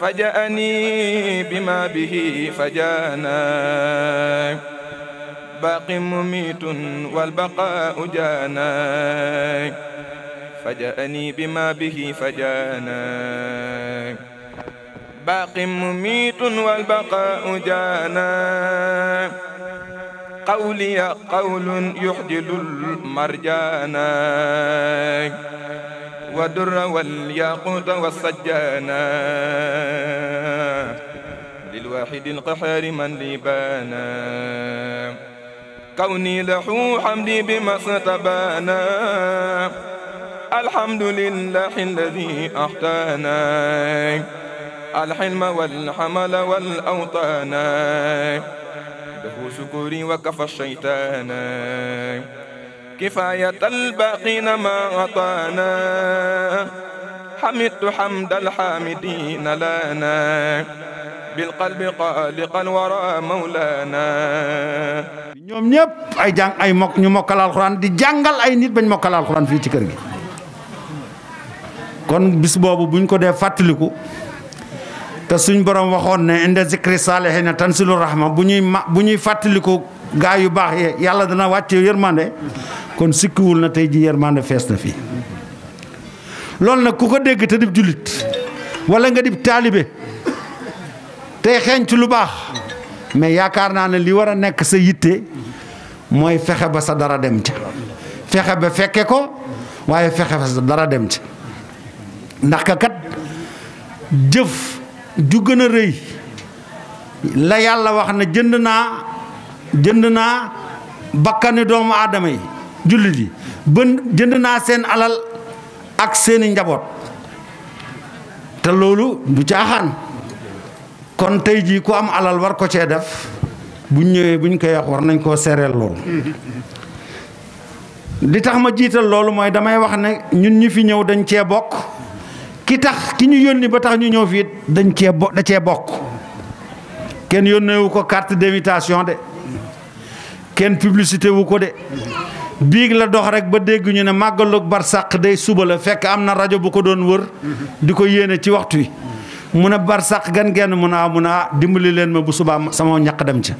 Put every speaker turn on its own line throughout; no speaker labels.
فجأني بما به فجانا باق مميت والبقاء جانا فجأني بما به فجانا باق مميت والبقاء جانا قولي قول يحجل المرجانا والدر والياقوت والسجانا للواحد القحار من لبانا كوني له حمدي بما استبانا الحمد لله الذي أحتانا الحلم والحمل والأوطانا له سكر وكفى الشيطان كفاية الباقين ما أعطانا حمدت حمد الحامدين لنا بالقلب
قالقا ورا مولانا ñoom ñëpp ay jàng ay mokk ñu mokkal alxuraan di jàngal ay nit bañ mokkal alxuraan fii ci kër gi kon bis boobu buñ ko dee fàttaliku te suñ borom waxoon ne inda zikri saalihiina tanzilu rahma bu ñuy ma bu ñuy fàttaliku gaa yu baax yee yàlla dana wàcce yërmande kon sikkiwul na tey ji yërmande fees na fii loolu nag ku ko dégg te dib jullit wala nga dib taalibe tey xeeñ ci lu baax mais yaakaar naa ne li war a nekk sa yitte mooy fexe ba sa dara dem ca fexe ba fekke ko waaye fexe ba sa dara dem ca ndax ka kat jëf ju gën a rëy la yàlla wax ne jënd naa jënd naa bakkani doomu aadama yi jullit yi bën jënd naa seen alal ak seeni njaboot te loolu du caaxaan kon tey jii ku am alal war ko cee def bu ñëwee bu ñu koy wax war nañ koo sereel loolu li tax ma jiital loolu mooy damay wax ne ñun ñi fi ñëw dañ cee bokk ki tax ki ñu yónni ba tax ñu ñëw fii dañ cee bo da cee bokk kenn yónneewu ko carte d'invitation de kenn publicité wu ko de biig la dox rek ba dégg ñu ne màggalu barsàq day suba la fekk am na rajo bu ko doon wër di ko yéene ci waxtu wi mun a barsàq gan genn mun a ah, mun a ah, dimbali leen ma bu subaa sama ñaq dem ca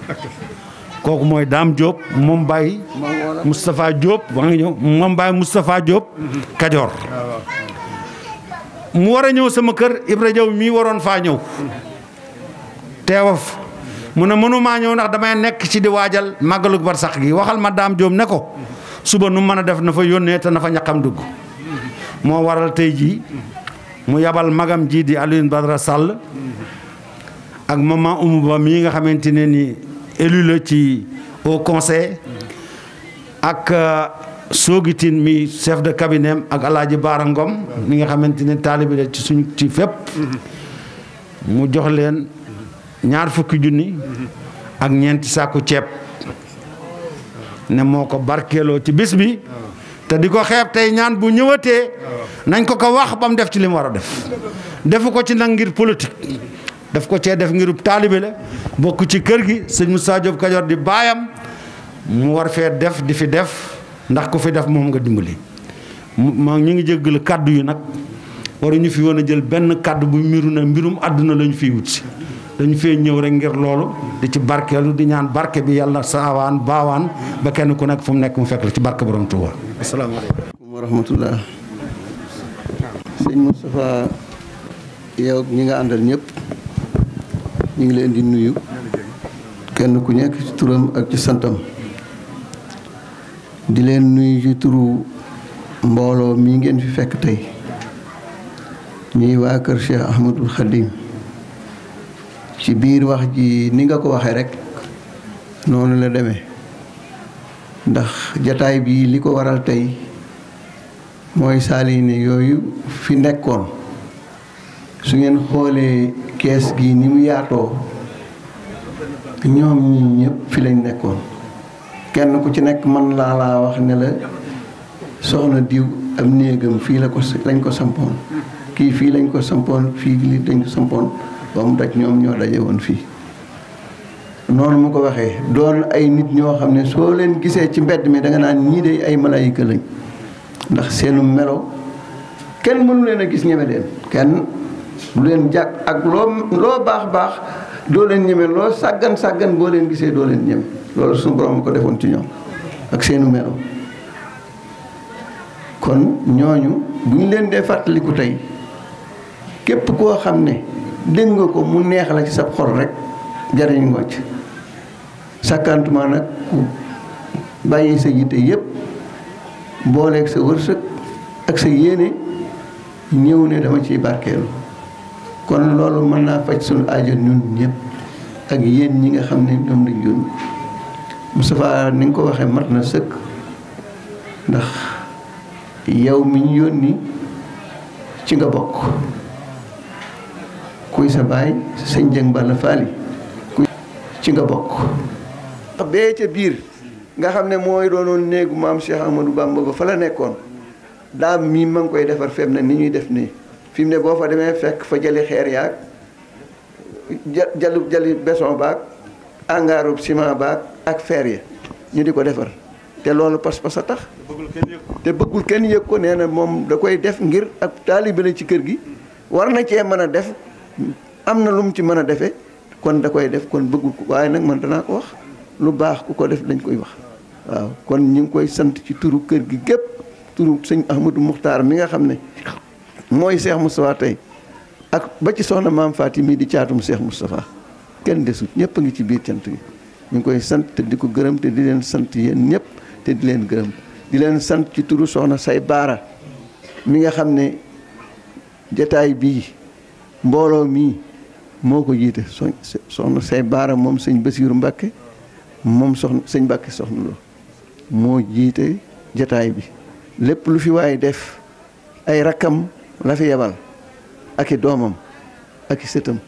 kooku mooy daam Diop moom Baye Moustapha Diop waa ngi ñëw moom Baye Moustapha Diop Kajoor mu war a ñëw sama kër Ibra Jaw mii waroon faa ñëw teewaf mu ne mënumaa ñëw ndax damay nekk ci di waajal màggalu barsax gi waxal ma daam joom ne ko suba nu mën a def na fa yónnee te na fa ñaxam dugg moo waral tey jii mu yabal magam jii di Alioune ak maman nga xamante ne ni la ci au conseil ak euh, soogitin mi chef de cabinet ak alaaji Baara ngoom mi nga xamante ne taalibi la ci suñu ci fépp mu jox leen ñaar fukki junni ak ñeenti sàkku ceeb ne moo ko barkeeloo ci bis bi te di ko xeeb tey ñaan bu ñëwatee nañ ko ko wax ba mu def ci lim mu war a def defu ko ci nag ngir politique daf ko cee def ngirub taalibe la bokk ci kër gi sëñ Moussa Diop Kajoor di baayam mu war fee def di fi def ndax ku fi def moom nga dimbali ma ñu ngi jéggal kàddu yi nag waruñu fi woon a jël benn kàddu bu miru na mbirum àdduna lañu fiy wut si dañu fee ñëw rek ngir loolu di ci barkeelu di ñaan barke bi yàlla saawaan baawaan ba kenn ku nekk fu mu nekk mu fekk la ci barke borom Tuuba.
asalaamaaleykum wa rahmatullah sëñ Moustapha yow ñi nga àndal ñépp ñu ngi leen di nuyu kenn ku nekk ci turam ak ci santam. di leen nuyu ci mbooloo mi ngeen fi fekk tey ñuy waa kër Cheikh Ahmadul Khadim ci biir wax ji ni nga ko waxee rek noonu la deme ndax jataay bii li ko waral tey mooy saalini yooyu fi nekkoon su ngeen xoolee kees gi ni mu yaatoo ñoom ñi ñëpp fi lañ nekkoon kenn ku ci nekk mën laa laa wax ne la soxna diw am néegam fii la ko lañ ko sampoon kii fii lañ ko sampoon fii li dañ ko sampoon ba mu daj ñoom ñoo daje woon fii noonu mu ko waxee doon ay nit ñoo xam ne soo leen gisee ci mbedd mi danga naan ñii de ay malaayika lañ ndax seenu melo kenn mënu leen a gis ñeme leen kenn lu leen jàkk ak loo loo baax baax doo leen ñeme loo sàggan sàggan boo leen gisee doo leen ñeme loolu suñu borom ko defoon ci ñoom ak seenu melo kon ñooñu bu ñu leen dee fàttaliku tey képp koo xam ne dégg nga ko mu neex la ci sa xol rek jariñu ngocc sàkkantuma nag ku bàyyi sa yitte yépp booleeg sa wërsëg ak sa yéene ñëw ne dama ciy barkeelu kon loolu mën naa faj suñu aajo ñun ñëpp ak yéen ñi nga xam ne ñoom lañ yónni Moustapha ni nga ko waxee mat na sëkk ndax yow mi ñu yónni ci nga bokk kuy sa baay sëñ Jëng Balla Faali kuy ci nga bokk bee ca biir nga xam ne mooy doonoon néegu maam Cheikh Amadou Bamba ba fa la nekkoon daam mii ma ngi koy defar feeb na ni ñuy def nii fi ne boo fa demee fekk fa jëli xeer yaag jalu jëli beson baag engaarub ciment baag ak feer ya ñu di ko defar te loolu pas-pas a tax te bëggul kenn yëg ko nee na moom da koy def ngir ak taalibe la ci kër gi war na cee mën a def am na lu mu ci mën a defee kon da koy def kon bëggul ko waaye nag man danaa ko wax lu baax ku ko def dañ koy wax waaw kon ñu ngi koy sant ci turu kër gi gépp turu sëñ Ahmadou Muxtaar mi nga xam ne mooy Cheikh Moustapha tey ak ba ci soxna maam Faati mii di caatum Cheikh Moustapha kenn desut ñëpp a ngi ci biir cant gi ñu ngi koy sant te di ko gërëm te di leen sant yéen ñëpp te di leen gërëm di leen sant ci turu soxna say baara mi nga xam ne jataay bii mbooloo mii moo ko jiite soxna say baara moom sëñ Basiiru Mbàkke moom soxna sëñ Mbàkke soxna loo moo jiite jataay bi lépp lu fi waaye def ay rakkam la fi yebal ak i doomam ak i sëtam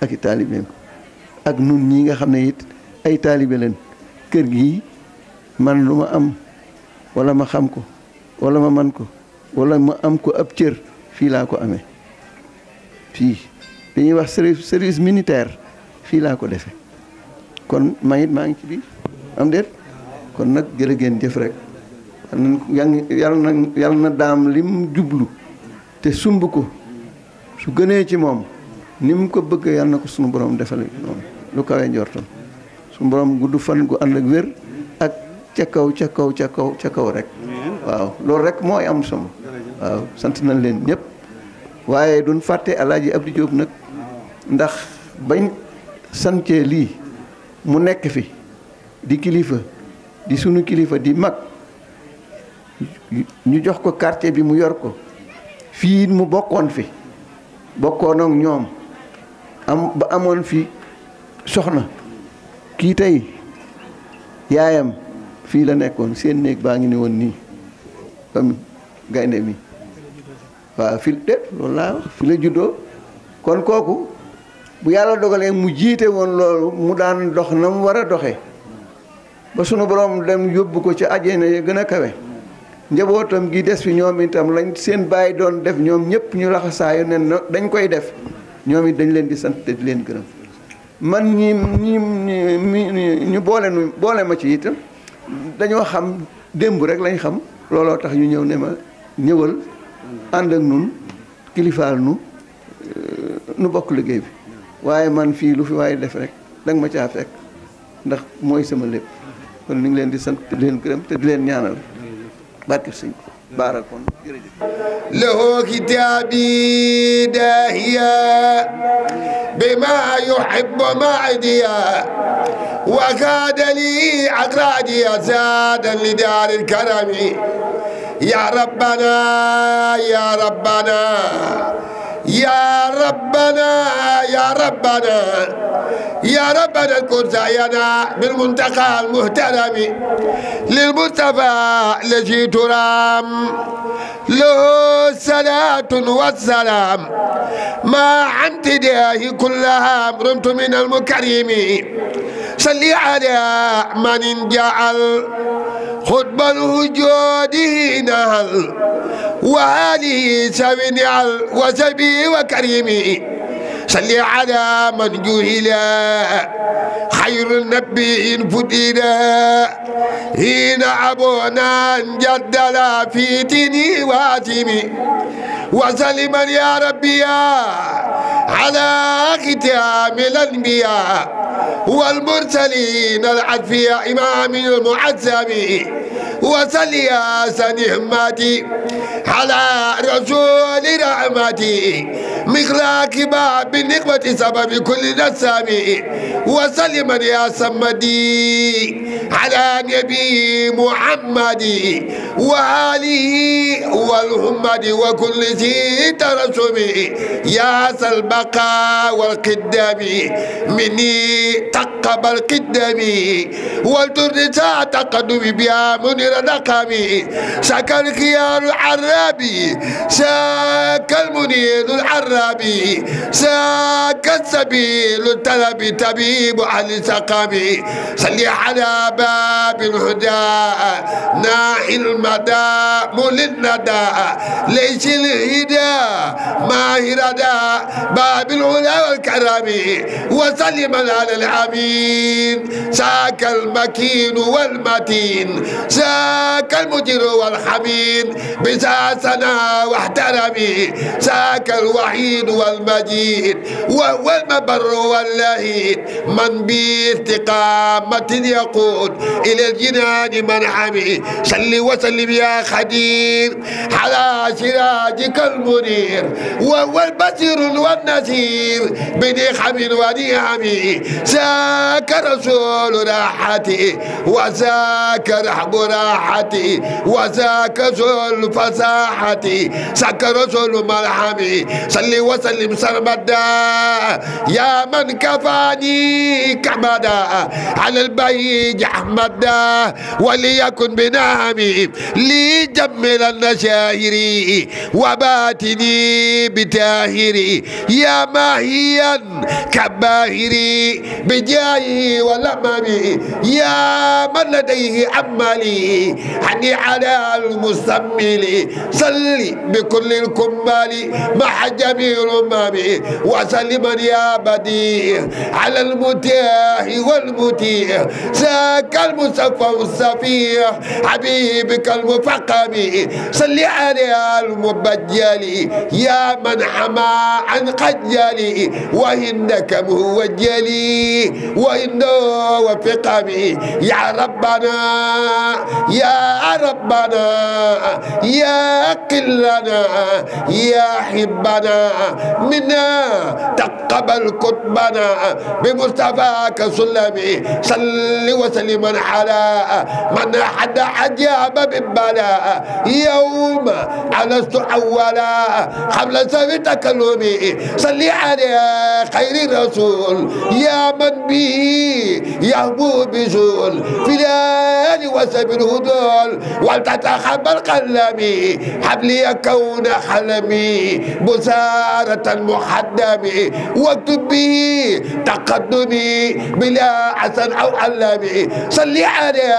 ak i taalibeem ak nun ñi nga xam ne it ay taalibe leen kër gi man lu ma am wala ma xam ko wala ma man ko wala ma am ko ab cër fii laa ko amee fii li ñuy wax service militaire fii laa ko defe kon may it maa ngi ci biir am déet kon nag jërë ngeen jëf rek yal na yal na daam lim jublu te sumb ko su gënee ci moom ni mu ko bëggee yàlla na ko sunu borom defal noonu lu kawee njortam sunu borom gudd fan gu ànd ak wér ak ca kaw ca kaw ca kaw ca kaw rek waaw loolu rek mooy am sama waaw sant nañ leen ñëpp waaye duñ fàtte alaaji Abdou Diop nag ndax bañ santee lii mu nekk fi di kilifa di sunu kilifa di mag ñu jox ko quartier bi mu yor ko fii mu bokkoon fi bokkoon ñoom am ba amoon fi soxna kii tey yaayam fii la nekkoon seen néeg baa ngi ne woon nii comme gaynde mi waaw fi de la juddoo kon kooku bu yàlla dogalee mu jiite woon loolu mu daan dox na mu war a doxe ba sunu boroom dem yóbbu ko ci àjjana ya gën a kawe njabootam gi des fi ñoom itam lañ seen bàyyi doon def ñoom ñëpp ñu laxasaayu ne dañ koy def ñoom it dañ leen di sant te di leen gërëm man ñi ñi ñu boole nu boole ma ci itam dañoo xam démb rek lañ xam looloo tax ñu ñëw ne ma ñëwal ànd ak nun kilifaal nu euh, nu bokk liggéey bi waaye man fii lu fi waaye def rek danga ma caa fekk ndax mooy sama lépp kon ñu ngi leen di sant te di leen gërëm te di leen ñaanal barkeb sëñ baara kon jërëjëf lahu kitaabi
daahiya bima yuhibbu maadiya wa kaada li agraadiya zaadan li daaril karami ya rabbana ya rabbana يا ربنا يا ربنا يا ربنا اذكر سعينا بالمنتقى المهترم للمصطفى الذي ترام له الصلاة والسلام ما عن تداه كلها رمت من المكرم صلي على من جعل خطب الوجود نهل وآله سبني وسبيل وكريمي صل على من جهلا خير نبي فدينا حين أبونا جدلا في ديني واتمي وسلما يا ربي على ختام الأنبياء والمرسلين العدفياء إمام المعزم وسل يا سنهمتي على رسول رحمتي مخلاك باب بنقمة سبب كل نسامي وسلم يا سمدي على نبي محمد وآله والهمد وكل ذي ترسم يا سلبقى والقدام مني تقبل قدامي والترد تقدمي بها منير رقمي شكا الخيار العرابي شكا المنير العرابي شكا ذاك السبيل طلب طبيب أهل السقم صلي على باب الهدى ناحي المدى مول الندى ليس الهدى ماهردا باب العلا والكرم وسلم على الأمين ساك المكين والمتين ساك المجير والحميد بساسنا واحترمي ساك الوحيد والمجيد الوحيد وهو المبر واللهيد من باستقامة يقود إلى الجنان من حميد صل وسلم يا خدير على سراجك المنير وهو البصير والنذير بنعم ونعم ذاك رسول راحتي وذاك رحب راحتي وذاك ذو الفصاحة ذاك رسول ملحمي صل وسلم سرمدا يا من كفاني كمدا على البيج أحمد وليكن بنعمي لي جمل النشاهري وباتني بتاهري يا ماهيا كباهري بجاهي ولممي يا من لديه عملي حني على المستمل صلي بكل الكمال مع جميع الأمم وسلم يا بديع على المتاح والمتيع ذاك المصفى الصفيح حبيبك المفقم صل على المبجل يا من حمى عن قجل وإنك هو الجلي وإنه وفقمي يا ربنا يا ربنا يا قلنا يا حبنا منا تقبل كتبنا بمصطفاك سلمي صل وسلم على من حد عجاب بالبلاء يوم ألست أولا قبل سوي تكلمي صل على خير الرسول يا من به يهبو بزول في ليالي وسب الهدول ولتتخبر قلمي حبلي كون حلمي بسارة محددة علامه واكتب به تقدمي بلا حسن او علامه صلي على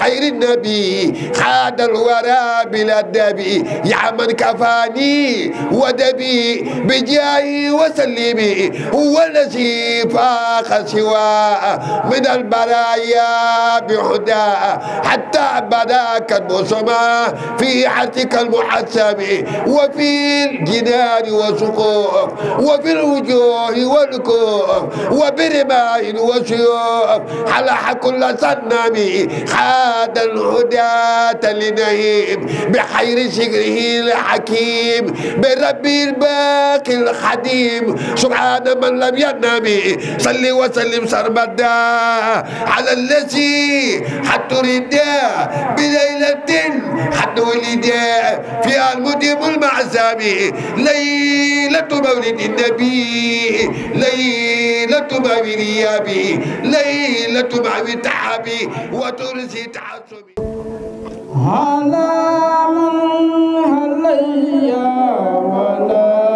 خير النبي خاد الورى بلا دبي يا من كفاني ودبي بجاهي وسلمي هو الذي فاق سوى من البرايا بهدى حتى بداك المسمى في حتك المحسم وفي الجنان وسقوف وفي بالوجوه والكوف وبرماء وشيوخ حلح كل صنم حاد الهداة لنهيم بحير شكره الحكيم بربي الباقي الحديم سبحان من لم ينم صل وسلم سرمدا على الذي حتى رداء بليلة حتى ولدا فيها المديم المعزم ليلة مولد النبي به ليلة بعوي ريابي ليلة بعوي تعبي وترزي تعصبي على
من عليا ولا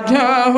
وجهه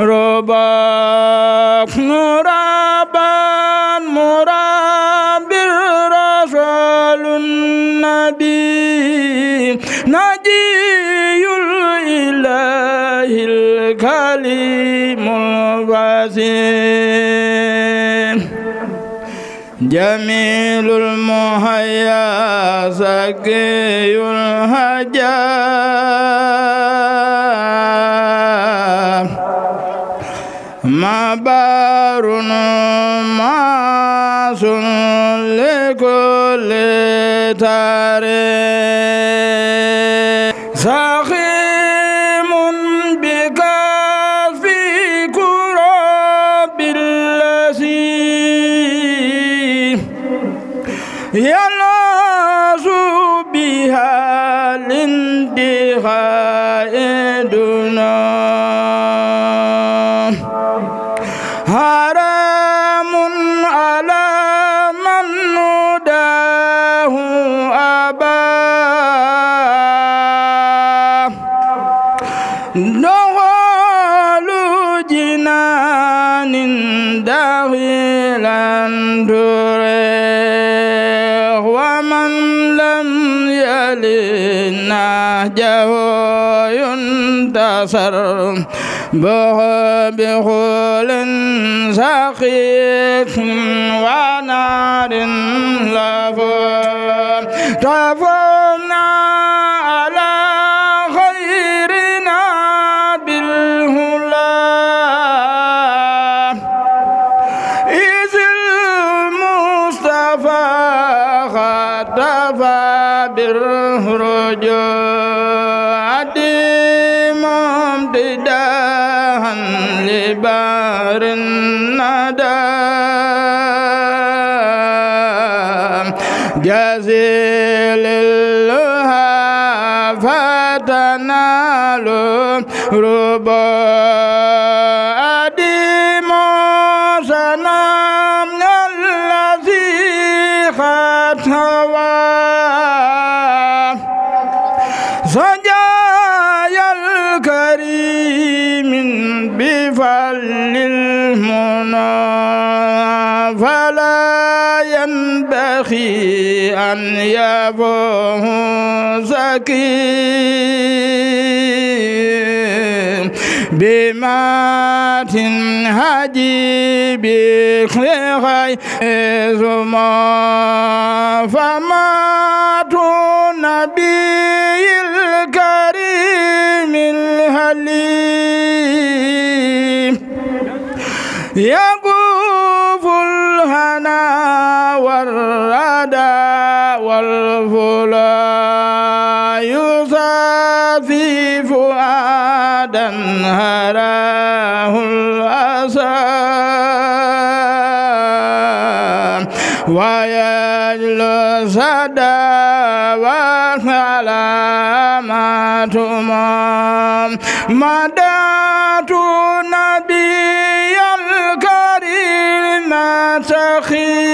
ربك مرابا مراب الرسول النبي نجي الإله الكليم الوزير جميل المهيا سقي الهجاء masun li kulli taarix بصر به بخول سقيف ونار له تفنى على خيرنا بالهلا إذ المصطفى خطف بالرجوع فداها لبار الندى من يفوه زكي بمات هدي بخير زما فمات نبي الكريم الهليم يقوف الهنا والردى فلا يصافي فؤادا هراه الأسى ويجلس داوى على ما تمام مدات نبي الكريم تخيل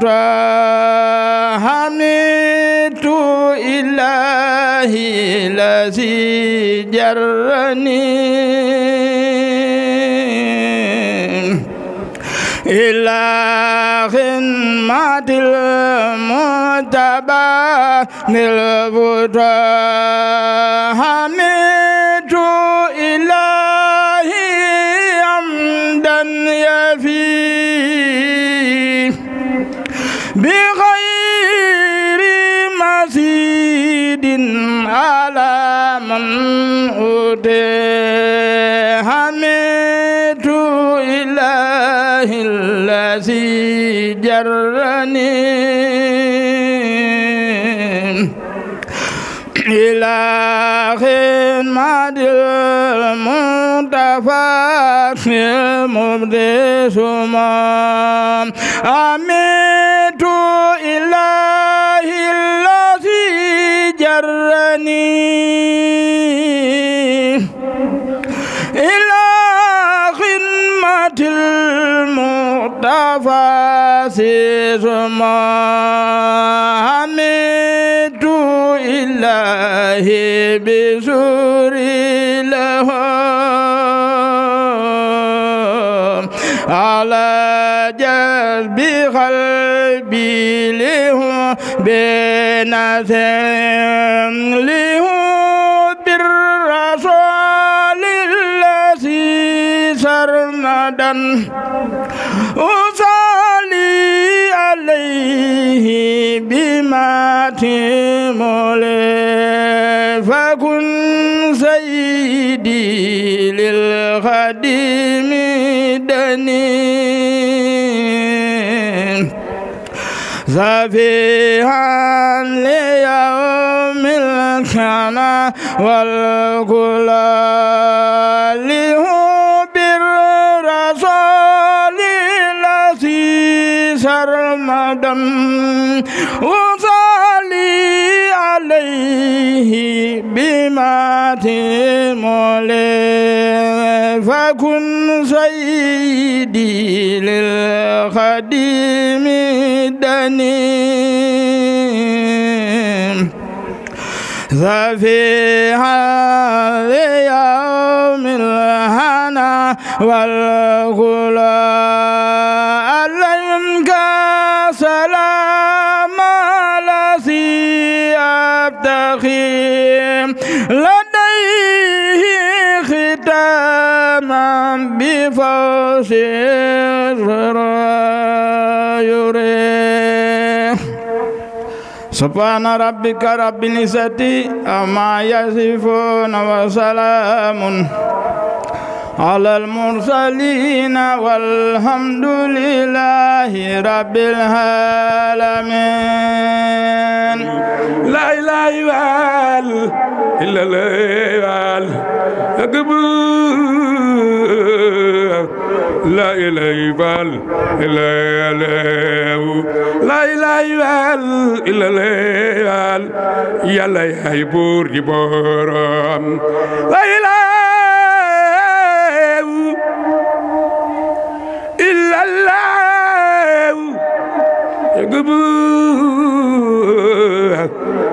حمدت إلهي الذي جرني إله مات المتبى للبدر حمدت على من أودي حميد إله الذي جرني إله مد المنتفى في مبدي سمام آمين العزيز ما حميد إله بزور له على جذب قلبي له بنثر له بالرسول الذي سرمدا عليه بما تملي فكن سيدي للخديم دني زفيها ليوم الكنا والغلام أبدا وصلي عليه بما تملي فكن سيدي للخديم الدنيم ففي هذا يوم الهنا والغرور يسير ولا يريح سبحان ربك رب العزة عما يصفون وسلام على المرسلين والحمد لله رب العالمين لا إله
إلا الله أكبر لا إله إلا الله لا إله إلا الله يلا يا يبور يبور لا إله إلا الله يقبل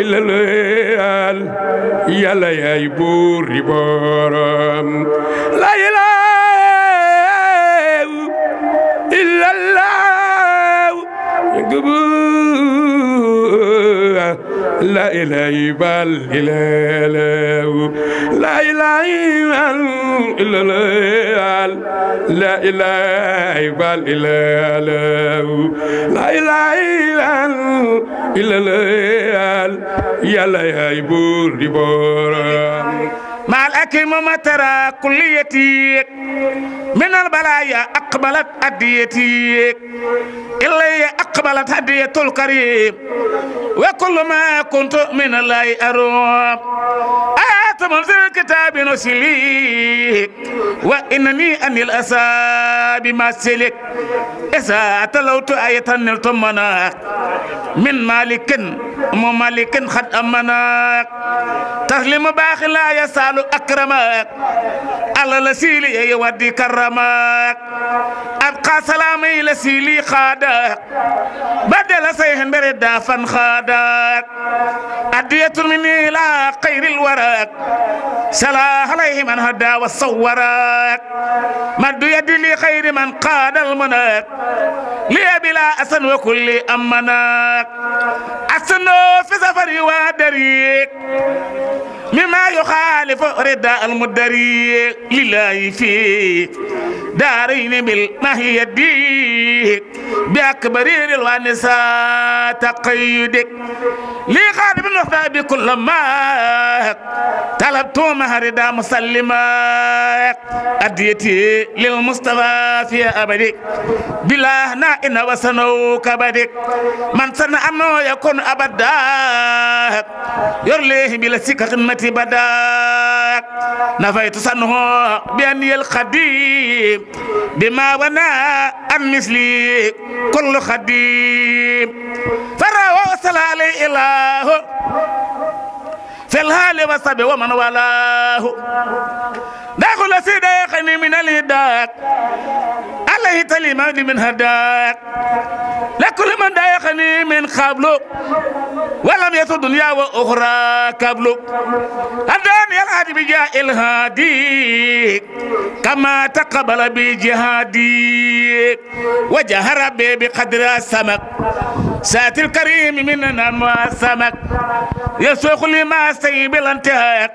illa laal yàlla buur di borom la ilaha illa لا إله إلا الله لا إله إلا الله لا إله إلا الله لا إله إلا الله يا لا
يا بور مع الأكرم مترى كليتي من البلايا أقبلت أديتي إلي أقبلت هدية الكريم وكل ما كنت من الله أروم آيات منزل الكتاب نسليك وإنني أن الأسى بما سلك إذا تلوت آية نلت مناك من مالك ممالك قد أمناك تسلم باخ لا يسال الرحمن أكرمك على لسيلي يودي كرمك أبقى سلامي لسيلي خادك بدل سيهن بردا فانخادك أدية مني لا خير الورك سلاح عليه من هدى وصورك مد يدي لخير من قاد المنك لي بلا أسن وكل أمنك أسنو في سفري ودريك مما يخالف رداء المدري لله في دارين بالنهي يديك بأكبر الونساء تقيدك لي غالب الوفاء بكل ما طلبت مع رداء مسلما أديتي للمصطفى في أبدك بلا نائن وسنو كبدك من سنأنه يكون أبدا يرليه بلا سكة التي بداك نفيت سنه بأني الخديم بما ونا أم مثلي كل خديم فروا وصل عليه إله fel haali wa sabi wa man walaahu dakhul sidaqani min alhidak alayhi talimani min hadak lakul man dayaqani min qablu ولم يث دنيا وأخرى قبلك أدان يا الهادي بجاء الهادي كما تقبل بجهادي وجهر به بقدر السمك سات الكريم مننا ما سمك يسوق لما السيب الانتهاك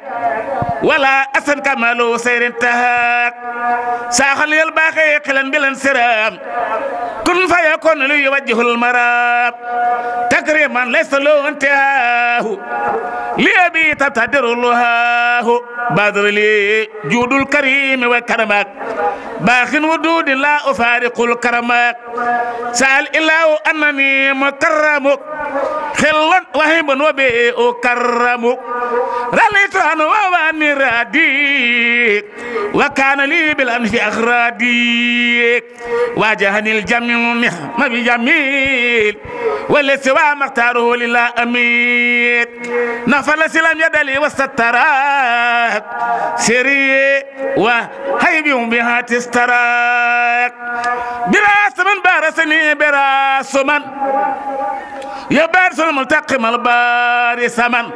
ولا أسن كمال سير انتهاك ساخل الباقي قلا بالانسرام كن فيكون ليوجه المراب تكريما ليس له انتهاه لأبي تبتدر الله بدر لي جود الكريم وكرمك باخ ودود لا أفارق الكرمك سأل إله أنني مكرمك خلا وهبا وبيء كرمك رليت أنا وأني راديك وكان لي بالأمس أخراديك واجهني الجميع ما بجميل والسوى مختاره للا أمير نفل سلام يدلي وستراك سري وهيبهم بها تستراك براس من بارسني براس من يبقى سن ملتقم البار سمن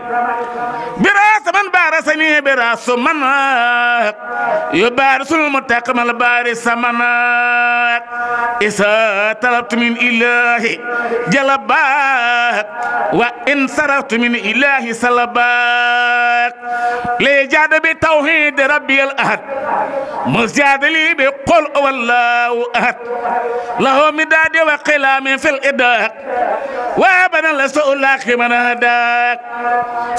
براس من بارسني براس من يبارس الملتقم البار سمن إذا طلبت من إلهي جلباك وإن صرفت من إلهي سلباك ليجاد بتوحيد ربي الأحد مزياد لي بقل والله أحد له مداد وقلام في الإداق وابن الله نستاء الله من هداك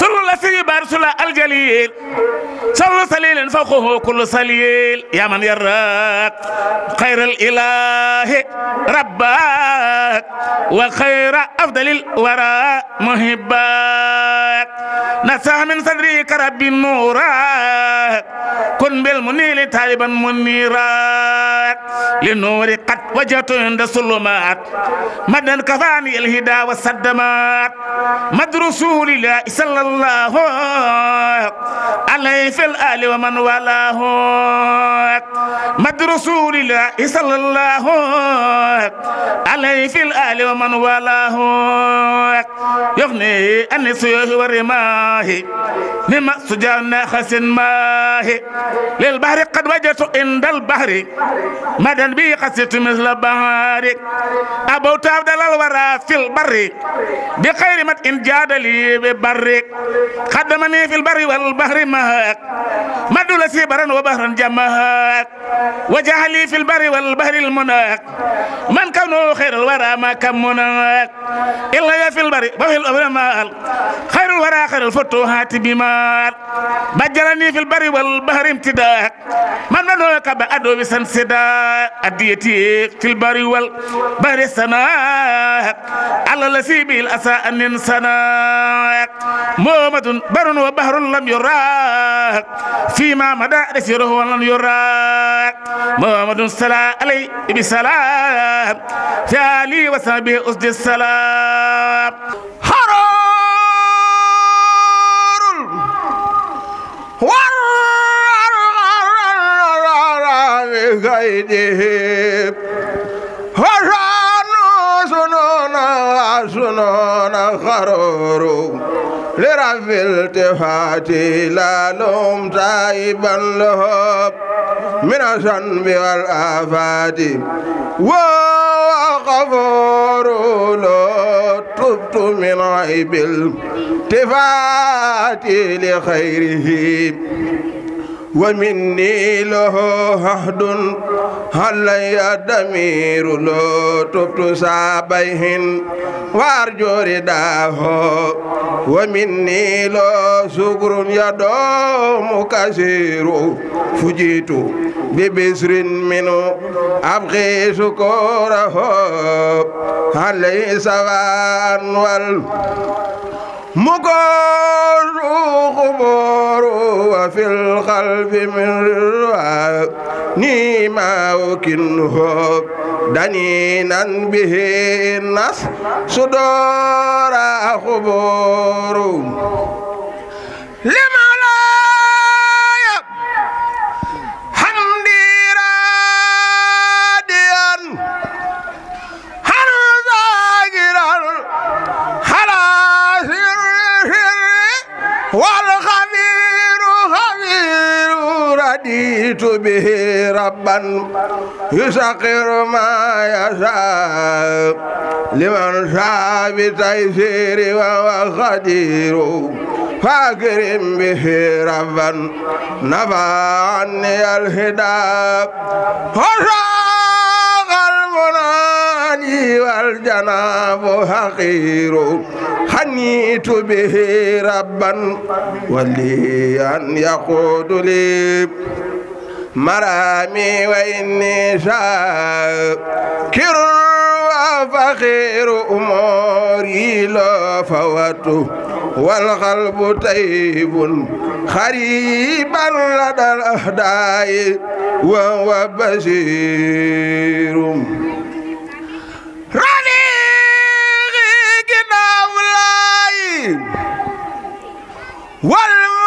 صلى الله سيب رسول الجليل صلى سليل فوقه كل سليل يا من يراك خير الإله رباك وخير أفضل الورى محباك نسى من صدرك ربي نورك كن بالمنيل طالبا منيراك للنور قد وجهت عند الظلمات مدن كفاني الهدى والصدمات الصلوات مد رسول الله صلى الله عليه في الآل ومن والاه مد رسول الله صلى الله عليه في الآل ومن والاه يغني أن سيوه ورماه مما سجان خس ماه للبحر قد وجدت عند البحر مدن بي قصيت مثل بحر أبو تابدل الورى في البر bi xayri mat in jaadali bi barri xaddamani fil barri wal bahri mahak madula si baran wa bahran jamahak wa jahali fil barri wal bahri al munak man kawnu xayrul wara ma kam munak illa ya fil barri wa fil bahri mahal xayrul wara xayrul futuhati bimar bajjalani fil barri wal bahri imtidak man manu kaba adu bi san sida adiyati fil barri wal bahri sana alla lasi bil عسى أن ينساك محمد بر وبحر لم يراك فيما مدى رسيره لم يراك محمد صلى عليه بسلام فعلي وصحبه أسد السلام حرار ور
غيره حرار سنون خرور لرف التفات لا لوم تائبا له من الذنب والآفات وغفور له تبت من عيب التفات لخيره ومني له عهد علي دمير لو تبت سابيهن وارجو رداه ومني له سكر يدوم كثير فجيت ببسر منه أبغي سكوره علي سواء وال مقر خبر وفي القلب من رضا نيما وكنه دنينا به الناس صدور خبر لما رضيت به ربا يسخر ما يشاء لمن شاء بتيسير وهو خدير فاكرم به ربا نفى عني الهدى وشاق المنادي والجناب حقير حنيت به ربا ولي أن يقود لي مرامي وإني شاكر وفخير أموري لا فوته والقلب طيب خريبا لدى الأهداء وهو بشير رفيق نولاي والمسلمين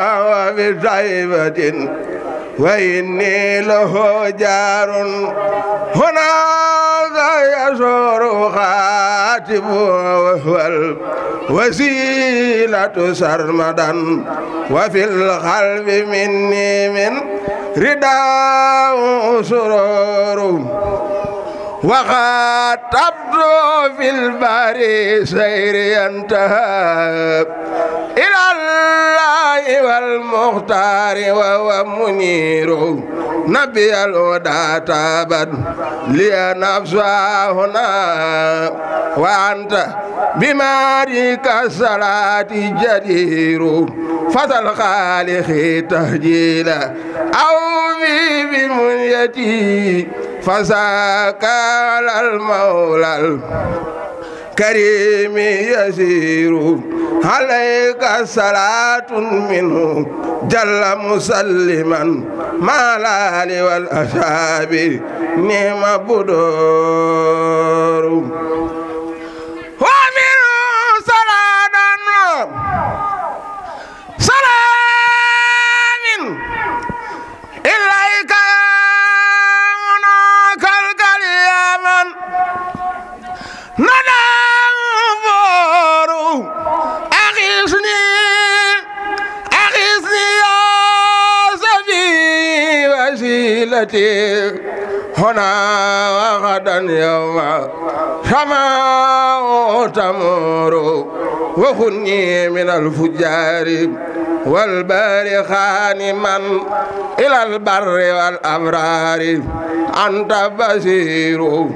وبطيبة وإني له جار هنا يزور خاتم وهو الوسيلة سرمدا وفي القلب مني من رداء سرور وقد تبدو في البحر سير انتهى إلى الله والمختار وهو منير نبي الهدى تابت لي نفسها هنا وأنت بمارك الصلاة جدير فتى الخالق تهجيلا أو بي بالمنية فساكا على المولى الكريم يسير عليك صلاة منه جل مسلما مع الآل والأصحاب نعم بدور التي هنا وغدا يوم سماء تمور وخني من الفجار والبارخان من إلى البر والأبرار أنت بصير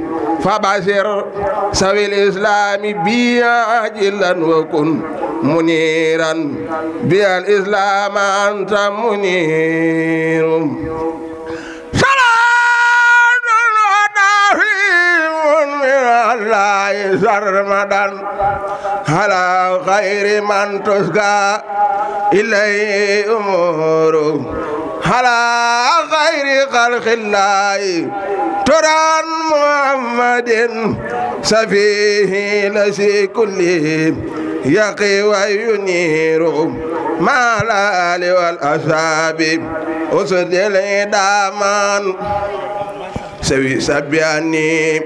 فبصر سوي الإسلام بي عاجلا وكن منيرا بي الإسلام أنت منير من الله سرمدا على خير من تسقى إليه أمور على خير خلق الله تران محمد سفيه لسي كله يقي وينير مع الآل والأصحاب أسد الإدامان سوي سبياني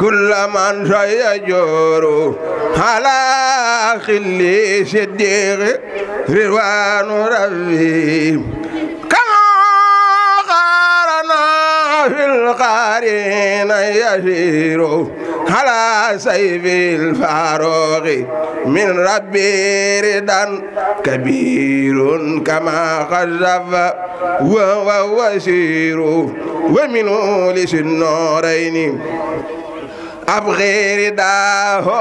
كل من سيجور على خلي صديق رضوان ربي كما غارنا في القارين يسير على سيف الفاروق من ربي ردا كبير كما خزف وهو وسير ومنه لسنورين ab xeeri daaho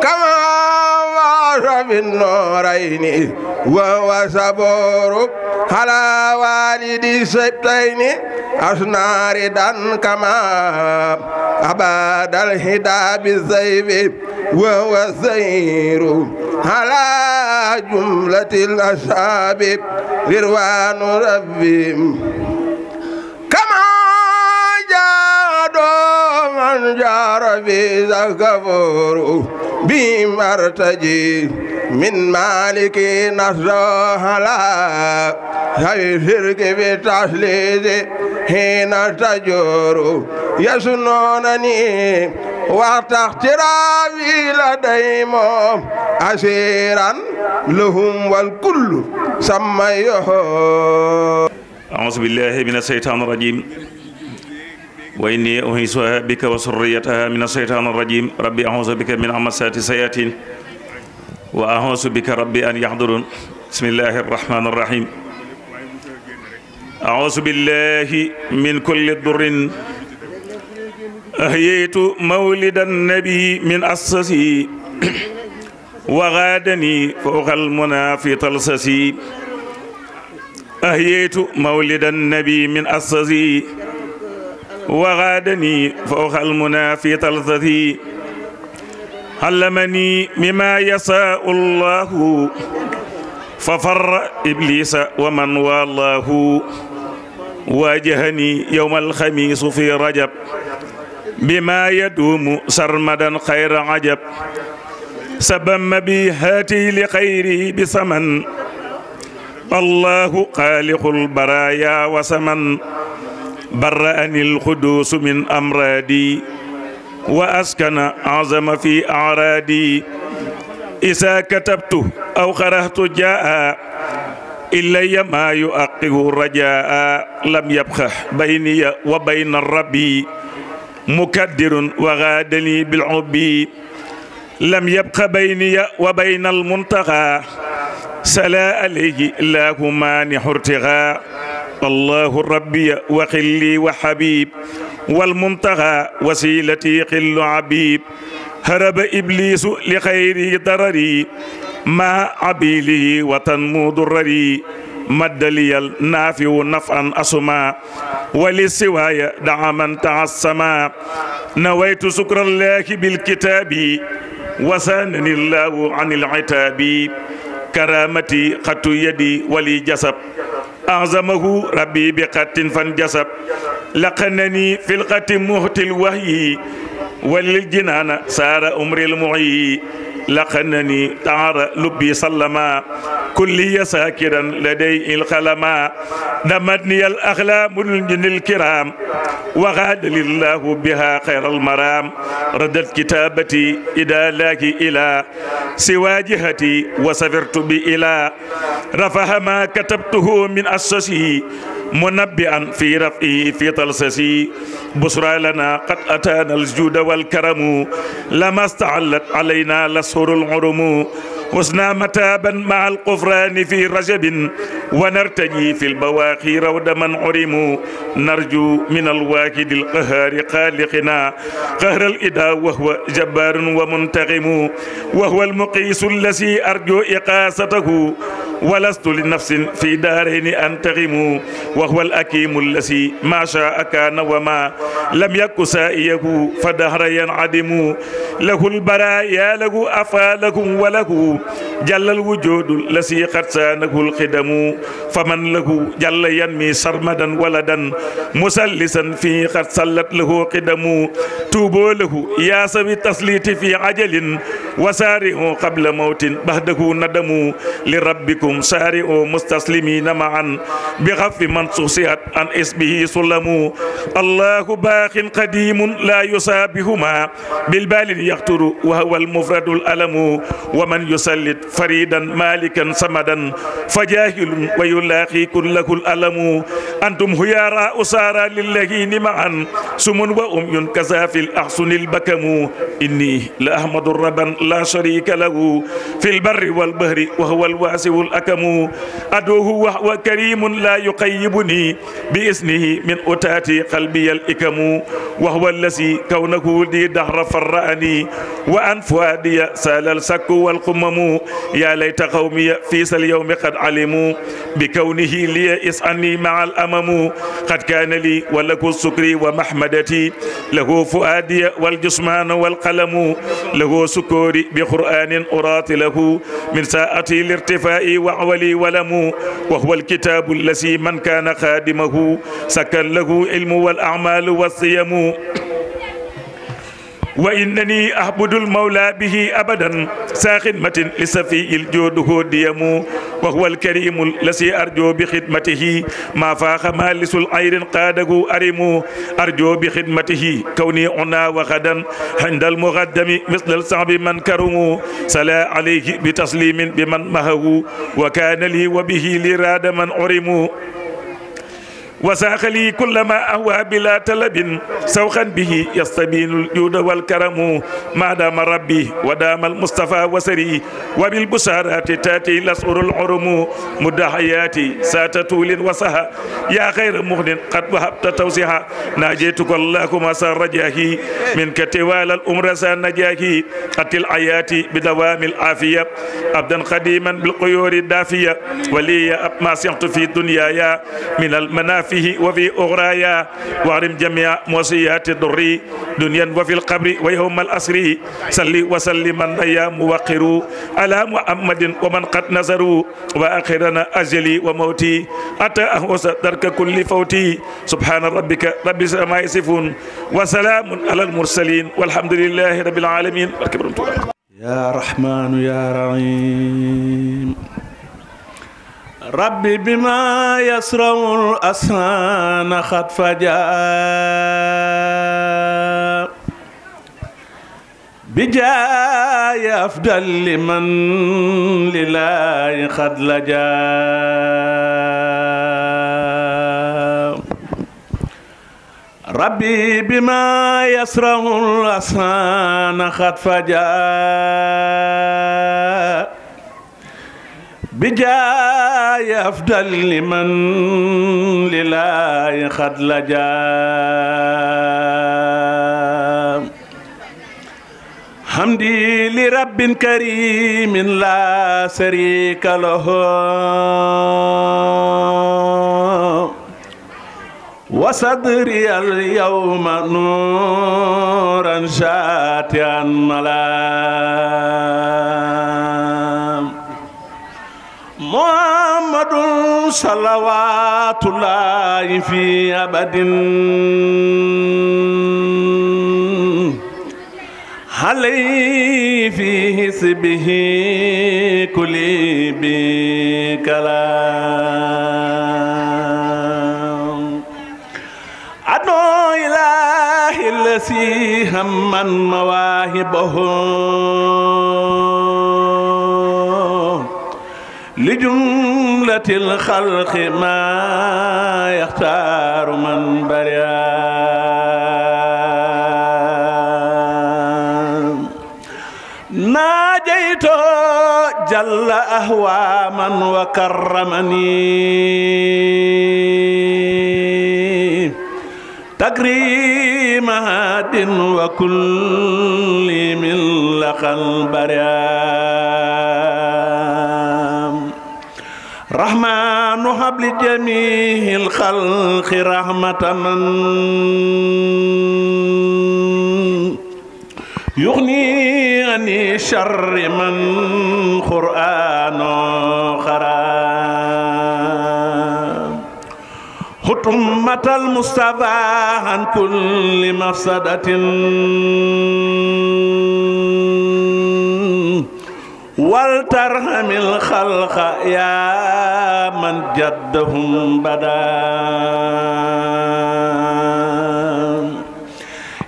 kama waasa min noorayni wa wa sabooru ala waalidi sebtayni asnaari dan kama abadal hidaabi zaybi wa wa zayru ala jumlatil ashaabi rirwaanu rabbim دوما جار في زكفور بهم ارتجي من مالك نصرها لا سيفرك بالتسليد حين تجور يسنونني وقت اخترابي لديهم أسيرا لهم والكل
سميه أعوذ بالله من الشيطان الرجيم wa inni uhisuha bika wa surriyataha min asheytaan arrajim rabbi ahusu bika min amasati sayatin wa ahusu bika rabbi an yahdurun bismillahi arrahmani arrahim ahusu billahi min kulli durrin ahyaytu mawlida nabi min assasi وغادني فوق المنى في طلسسي أهيت مولد النبي من أسسي وغادني فوق المنى في طلثتي علمني مما يشاء الله ففر إبليس ومن والاه واجهني يوم الخميس في رجب بما يدوم سرمدا خير عجب سبم بي هاتي لخيري بسمن الله خالق البرايا وسمن برأني القدوس من أمرادي وأسكن أعظم في أعرادي إذا كتبت أو خرهت جاء إلي ما يؤقه الرجاء لم يبخ بيني وبين الرب مكدر وغادني بالعب لم يبق بيني وبين المنتقى سلا عليه اللهم مانع ارتغى allahu rabbiya wa xilli wa xabib walmuntaha wasilati xillu abib haraba iblisu li xayri darari ma abilihi watan mudurari maddaliyal naafiwu nafan asuma wali siwaaya daaman taassama nawaytu sukrallahi bilkitaabi wasaanani llahu an ilcitaabi karamati xatu yadi wali jasab أعظمه ربي بقت فانجسب لقنني في القت مهت الوهي وللجنان سار أمر المعي لقنني تعار لبي سلما كلي ساكرا لدي الخلما دمتني الأخلام الجن الكرام وغاد لله بها خير المرام ردت كتابتي إذا لاكي إلى سوى جهتي وسفرت بإلى رفه ما كتبته من أسسه منبئا في رفعه في طلسسي بشرى لنا قد أتانا الجود والكرم لما استعلت علينا لسهر العرم حسنا متابا مع القفران في رجب ونرتجي في البواخي رود من عرموا نرجو من الواكد القهار خالقنا قهر الإداء وهو جبار ومنتقم وهو المقيس الذي أرجو إقاسته ولست لنفس في دارين أنتقم وهو الأكيم الذي ما شاء كان وما لم يك سائيه فدهر ينعدم له البرايا له أفالكم وله جل الوجود الذي قد سانه القدم فمن له جل ينمي سرمدا ولدا مسلسا فيه قد سلت له قدم توبوا له يا سوي التسليت في عجل وسارعوا قبل موت بعده ندم لربكم سارعوا مستسلمين معا بخف من سوسيت عن اسمه سلم الله باق قديم لا يسابهما بالبال يقتر وهو المفرد الألم ومن يسابه musallit faridan malikan samadan fajahilun wa yulaqi kullakul alamu antum huyara usara lillahini ma'an sumun wa umyun kasafil ahsunil bakamu inni la ahmadu rabban la sharika lahu fil barri wal bahri wa huwa al wasi'ul akamu aduhu wa huwa karimun la yuqayyibuni bi isnihi min utati qalbi al ikamu wa huwa allazi kawnahu li dahra farra'ani wa an fuadiya salal sakku wal qumam هموا يا ليت قومي في اليوم قد علموا بكونه لي إسعني مع الأمم قد كان لي ولك السكري ومحمدتي له فؤادي والجسمان والقلم له سكوري بقرآن أرات له من ساءتي لارتفائي وعولي ولم وهو الكتاب الذي من كان خادمه سكن له علم والأعمال والصيام wa innani ahbudul mawla bihi abadan saa xidmatin li safiil jooduhu diyamu wa huwa alkarimul lasi arjo bi xidmatihi ma faaxa maalisul ayrin qaadahu arimu arjo bi xidmatihi kawni una wa xadan handal muqaddami mislal saabi man karumu sala alayhi bi taslimin bi man mahahu wa kaana li wa bihi li raada man urimu wasaaxali kullama ahwa bila talabin sawxan bihi yastabiinu aljuuda walkaramu maadaama rabbi wa daama almustafa wasari wa bilbusaaraati taati lasuru alxurumu mudda xayaati saata tuulin wasaha yaa xayra muxnin qad wahabta tawsiha naajeetuka allahuma sa rajaahi min ka tiwaala alumra sa najaahi atil ayaati bidawaami alaafiya abdan qadiman bilquyuuri daafiya waliya ab ma sixtu fi dunyaaya min almanaafi فيه وفي أغرايا وأرم جميع موصيات ضري دنيا وفي القبر ويوم الأسر صلي وسلم من يا موقر على محمد ومن قد نزروا وآخرنا أجلي وموتي أتى أهوس درك كل فوتي سبحان ربك رب السماء يصفون وسلام على المرسلين والحمد لله رب العالمين
يا رحمن يا رحيم rabbi bima yasrawul asana xat faja bi jaay afdal liman lilaay xat laja rabbi bima yasrawul asana xat faja بجاي أفضل لمن لله قد لجا حمدي لرب كريم لا شريك له وصدري اليوم نورا شاتئا ملا محمد صلوات الله في أبد عليه في حسبه كل بكلام أنو إله الذي هم من مواهبه لجملة الخلق ما يختار من بريا ناجيت جل أهوى من وكرمني تكريم هاد وكل من لقى البريا وهب لجميع الخلق رحمة من يغني عن شر من قرآن خراب حتمة المصطفى عن كل مفسدة ولترحم الخلق يا من جدهم بدا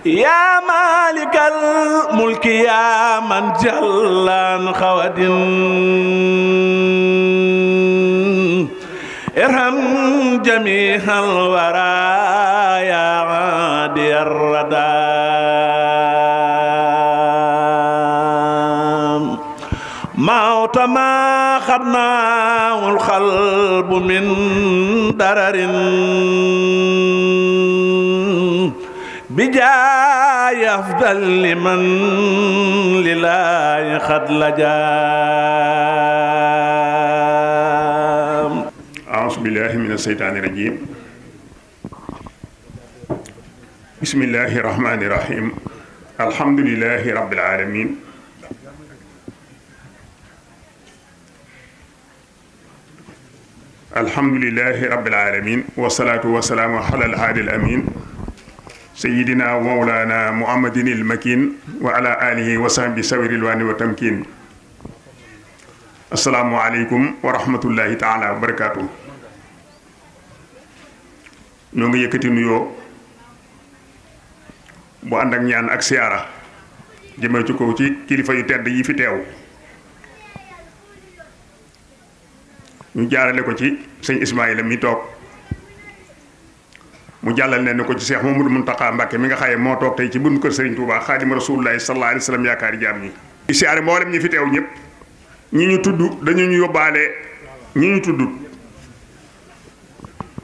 يا مالك الملك يا من جل عن خواد ارحم جميع الورى يا عادي الردى xannaahu alxalbu min dararin bi jaay afdal liman lilaay xad la jaam
aousubillahi min alseytaani irajim bismillahi irrahmani irrahim alhamdulilahi rabbil alamin alhamdulilahi rabbil alamin wasalaatu wasalaamu ala al haadi al amin wa mawlana muhammadin il wa ala alihi wa sahbi sawiril waani wa tamkin asalaamu aleykum wa rahmatullahi taala wa barakaatu ñoo ngi yëkkati bu ànd ak ñaan ak siyaara jëmee ci kaw ci kilifa yu tedd yi fi teew ñu jaarale ko ci sëñ Ismaïla mi toog mu jàllal ne ni ko ci Seex Mamadu taxaa Mbàkke mi nga xaye moo toog tey ci bunt kër Sëriñ Tuubaa Xaadimu Rasuulullaahi sallallaahu alayhi wa sallam yaakaari jaam ñi di siyaare mboolem ñi fi teew ñëpp ñi ñu tudd dañu ñu yóbbaale ñi ñu tudd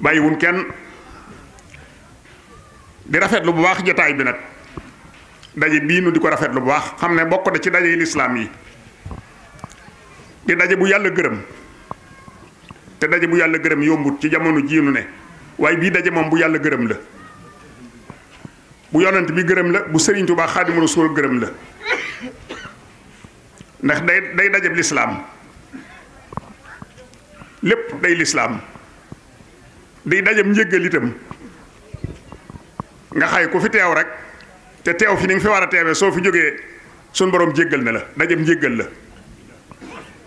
bàyyiwun kenn di rafetlu bu baax jotaay bi nag daje bii nu di ko rafetlu bu baax xam ne bokk na ci daje yi lislaam yi di daje bu yàlla gërëm te daje bu yàlla gërëm yombut ci jamono jiinu ne waaye bii daje moom bu yàlla gërëm la bu yonent bi gërëm la bu Serigne Touba Xaadimu Rasuul gërëm la ndax day day dajeb lislaam lépp day lislaam di dajeb njégal itam nga xay ku fi teew rek te teew fi ni nga fi war a teewe soo fi jógee suñ borom jéggal na la dajeb njégal la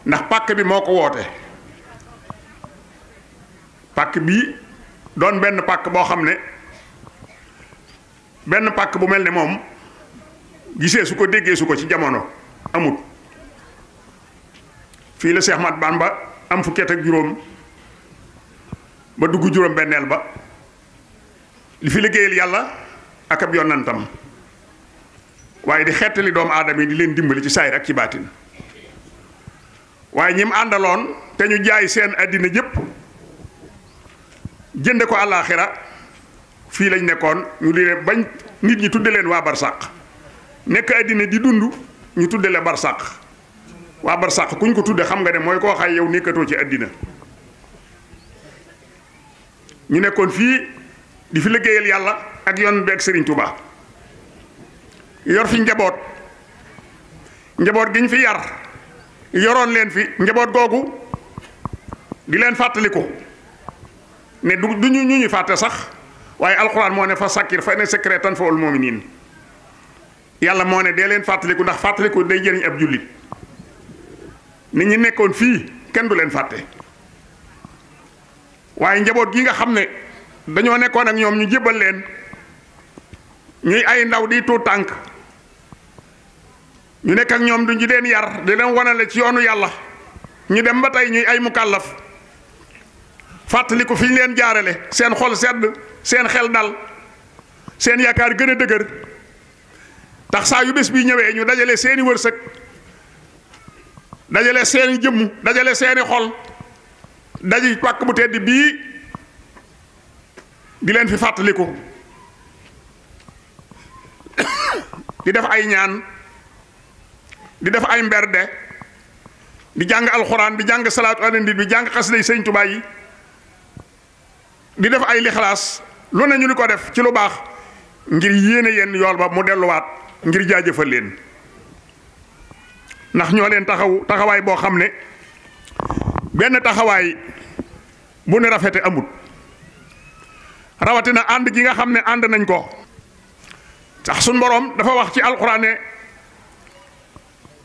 ndax pàkk bi moo ko woote pàkk bii doon benn pàkk boo xam ne benn pàkk bu mel ne moom gisee su ko déggee su ko ci jamono amut fii la Seex Ahmadu am fukki ak juróom ba dugg juróom benneel ba li fi liggéeyal yàlla ak ab yonantam waaye di xettali doomu aadama yi di leen dimbali ci saayir ak ci baatin waaye ñim àndaloon te ñu jaay seen àddina jëpp jënde ko àllaaxira fii lañ nekkoon ñu di bañ nit ñi tudde leen waa barsàq nekk àddina di dund ñu tudde la barsàq waa barsàq kuñ ko tuddee xam nga ne mooy koo xay yow nekkatoo ci àddina ñu nekkoon fii di fi liggéeyal yàlla ak yoon bi ak Serigne yor fi njaboot njaboot gi ñu fi yar yoroon leen fi njaboot googu di leen fàttaliku mais du du ñu ñu ñu fàtte sax waaye alxuraan moo ne fa sakkir fa ne secret tan fa wal mu'minin yàlla moo ne dee leen fàttaliku ndax fàttaliku day jëriñ ab jullit nit ñi nekkoon fii kenn du leen fàtte waaye njaboot gi nga xam ne dañoo nekkoon ak ñoom ñu jébbal leen ñuy ay ndaw di tuut tànk ñu nekk ak ñoom duñ leen yar di leen wanale ci yoonu yàlla ñu dem ba tey ñuy ay mukàllaf fàttaliku fi ñu leen jaarale seen xol sedd seen xel dal seen yaakaar gën a dëgër tax saa yu bés bi ñëwee ñu dajale seeni wërsëg dajale seeni jëmm dajale seeni xol daji pàkk bu tedd bii di leen fi fàttaliku di def ay ñaan di def ay mberde di jàng alxuraan di jàng salaatu ala nabi di jàng xasida yi sëñ tubaay yi di def ay lixlaas lu ne ñu di ko def ci lu baax ngir yéene yenn yool ba mu delluwaat ngir jaajëfal leen ndax ñoo leen taxaw taxawaay boo xam ne benn taxawaay bu ne rafete amut rawatina ànd gi nga xam ne ànd nañ ko sax suñ boroom dafa wax ci alxuraan ne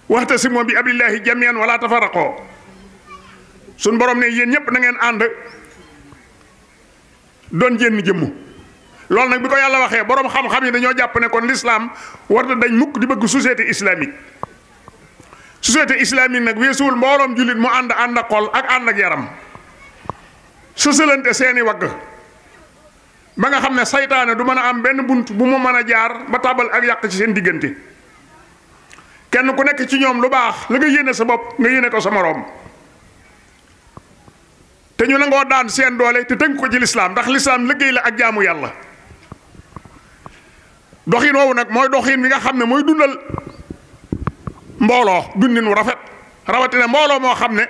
waxtasimu bi ablillahi jamian wala tafaraqoo suñ boroom ne yéen ñëpp nangeen ànd doon jénn jëmm loolu nag bi ko yàlla waxee boroom xam-xam yi dañoo jàpp ne kon lislaam war na dañ mukk di bëgg société islamique société islamique nag weesuwul mbooloom jullit mu ànd ànd ak xol ak ànd ak yaram sësalante seeni wagg ba nga xam ne saytaane du mën a am benn bunt bu mu mën a jaar ba tabal ak yàq ci seen diggante kenn ku nekk ci ñoom lu baax la nga yéene sa bopp nga yéene ko sa moroom te ñu nangoo daan seen doole te tënk ko ci lislaam ndax lislaam liggéey la ak jaamu yàlla doxin woowu nag mooy doxin bi nga xam ne mooy dundal mbooloo dundin wu rafet rawatina mbooloo moo xam ne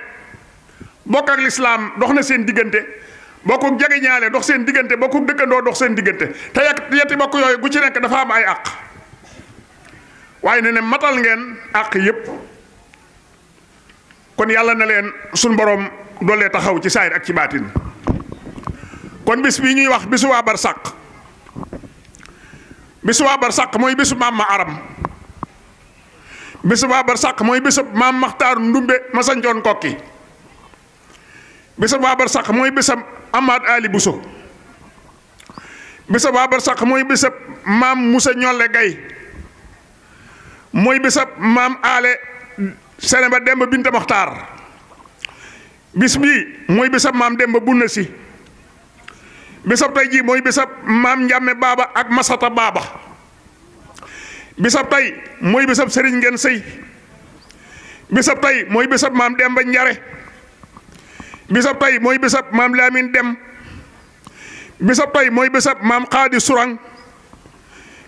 bokk ak lislaam dox na seen diggante bokkuk jege ñaale dox seen diggante bokkuk dëkkandoo dox seen diggante te yàq yetti bokk yooyu gu ci nekk dafa am ay àq waaye ne ne matal ngeen àq yépp kon yàlla na leen suñ boroom doolee taxaw ci saayir ak ci baatin kon bis bi ñuy wax bisu waa barsàq bisu waa barsàq mooy bisu maam ma aram bisu waa barsàq mooy bisu maam maxtaar ndumbe ma sancoon kokki bisu waa mooy bisam amaat buso bisab waa barsàq mooy bisab maam musa ñolle gay mooy bisa maam aale sene ba demb binta maxtaar bis bii mooy bisab maam Demba Bunna si bisab tey mooy bisab maam Njàmme baaba ak Masata baaba bisab tey mooy bisab Serigne Ngeen Sëy bisab tey mooy bisab maam Demba Njare bisab tey mooy bisab maam Lamine Dem bisab tey mooy bisab maam Xaadi Surang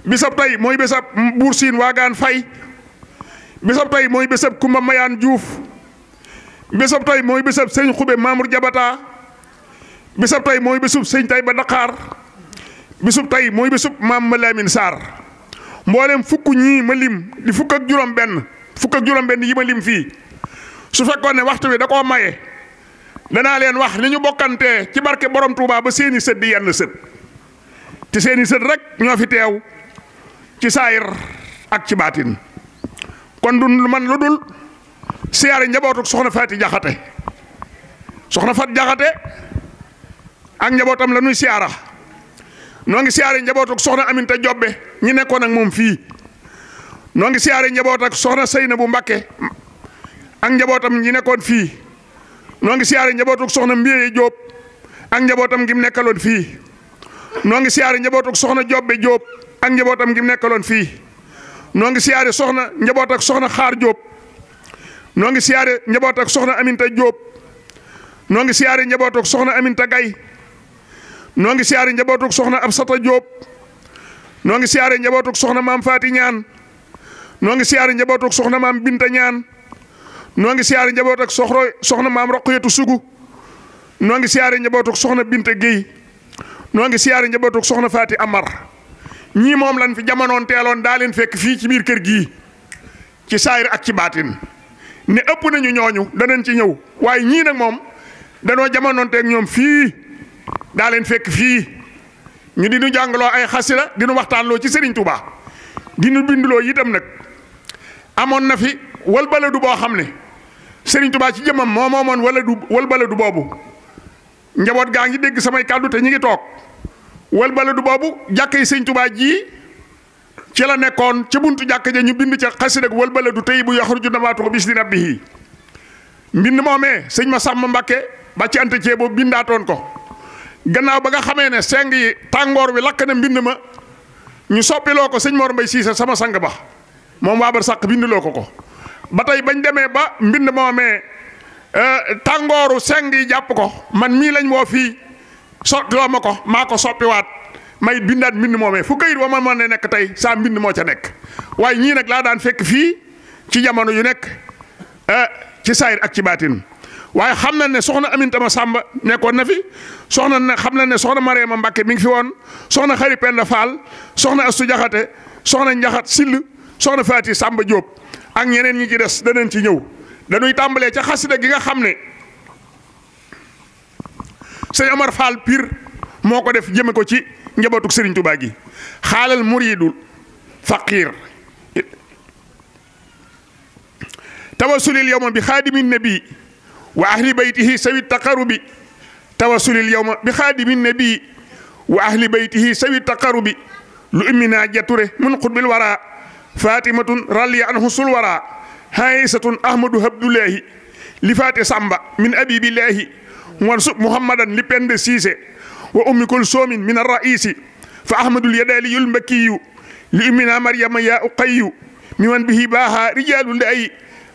bisab tey mooy bisab Buur Siin Waagaan Fay bisab tey mooy bisab Kumba Mayaan Juuf bisab tey mooy bisab sëñ xube Mamour Jabata bisab tey mooy bisub sëñ tay ba Dakar bisub tey mooy bisub maam Malamine Sarr mboolem fukk ñii ma lim di fukk ak juróom-benn fukk ak juróom-benn yi ma lim fii su fekkoon ne waxtu wi da koo maye danaa leen wax li ñu bokkantee ci barke borom Touba ba seeni sët di yenn sët ci seeni sët rek ñoo fi teew ci saayir ak ci baatin kon du man lu dul. siyaare njabootuk soxna Faati Jaxate soxna Faat Jaxate ak njabootam la nuy siyaara noo ngi siyaare njabootuk soxna Aminta Jobbe ñi nekkoon ak moom fii noo ngi siyaare njaboot ak soxna Seynabu Mbakke ak njabootam ñi nekkoon fii noo ngi siyaare njabootuk soxna Mbiye Jóob ak njabootam gi nekkaloon fii noo ngi siyaare njabootuk soxna Jobbe Jóob ak njabootam gi nekkaloon fii noo ngi siyaare soxna njaboot ak soxna Xaar Jóob noo ngi siyaare njaboot ak soxna Aminta Diop noo ngi siyaare njaboot ak soxna Aminta Gaye noo ngi siyaare njaboot ak soxna Absata Diop noo ngi siyaare njaboot ak soxna maam Faati Ñaan noo ngi siyaare njaboot ak soxna maam Binta Ñaan noo ngi siyaare njaboot ak soxro soxna maam Roqiyatu Sugu noo ngi siyaare njaboot ak soxna Binta Guèye noo ngi siyaare njaboot ak soxna Faati Amar ñii moom lan fi jamonoon teeloon daa leen fekk fii ci biir kër gii ci saayir ak ci baatin ne ëpp nañu ñooñu danañ ci ñëw waaye ñii nag moom danoo jamonoonteeg ñoom fii daa leen fekk fii ñu di nu jàngaloo ay xasila di nu waxtaanloo ci Serigne Touba di nu binduloo itam nag amoon na fi wal baladu boo xam ne Serigne Touba ci jëmmam moo moomoon wala du wal baladu boobu njaboot gaa ngi dégg samay kàddu te ñu ngi toog wal baladu boobu jàkkee Serigne Touba ji. ci la nekkoon ci buntu jàkk ja ñu bind ca xasida wal baladu tayyibu yaxruju nabaatuhu bi izni rabbihi mbind moomee sëñ ma sàmm Mbàkke ba ci entretien boobu bindaatoon ko gannaaw ba nga xamee ne seng yi tàngoor wi lakk na mbind ma ñu soppiloo ko sëñ moor Mbay Siise sama sang ba moom waabar sàq bindiloo ko ko ba tey bañ demee ba mbind moomee euh, tàngooru seng yi jàpp ko man mii lañ woo fii sottiloo ma ko maa ko soppiwaat may bindaat mbind moomee fu kayit wa ma mën a nekk tey saa mbind moo ca nekk waaye ñii nag laa daan fekk fii ci jamono yu nekk eh, ci saayir ak ci baatin waaye xam na ne soxna Aminta ma Samba nekkoon na fi soxna na xam na ne soxna Mariama Mbacke mi ngi fi woon soxna Xari Penda Fall soxna Astu Jaxate soxna Njaxat sil soxna Faati Samba Diop ak ñeneen ñi ci des danañ ci ñëw dañuy tàmbalee ca xasida gi nga xam ne sëñ Omar Fall Pire moo ko def jëme ko ci. njabootuk sëriñ Tuubaa gi xaalal muridul faqir tawasulil yowma bi xaadimi nabi wa ahli baytihi sawi taqarubi tawasulil yowma bi nabi wa ahli baytihi sawi taqarubi lu immina jature mun qutbil wara fatimatun ralliya anhu sul wara haysatun ahmadu habdullahi li faate samba min abibillahi wan sub muhammadan li pende siise wa ummi kulsoomin min arraisi fa ahmadul yadaliyu lmakkiyu li ummina maryama ya uqayyu miman bihi baaha rijalu ndayi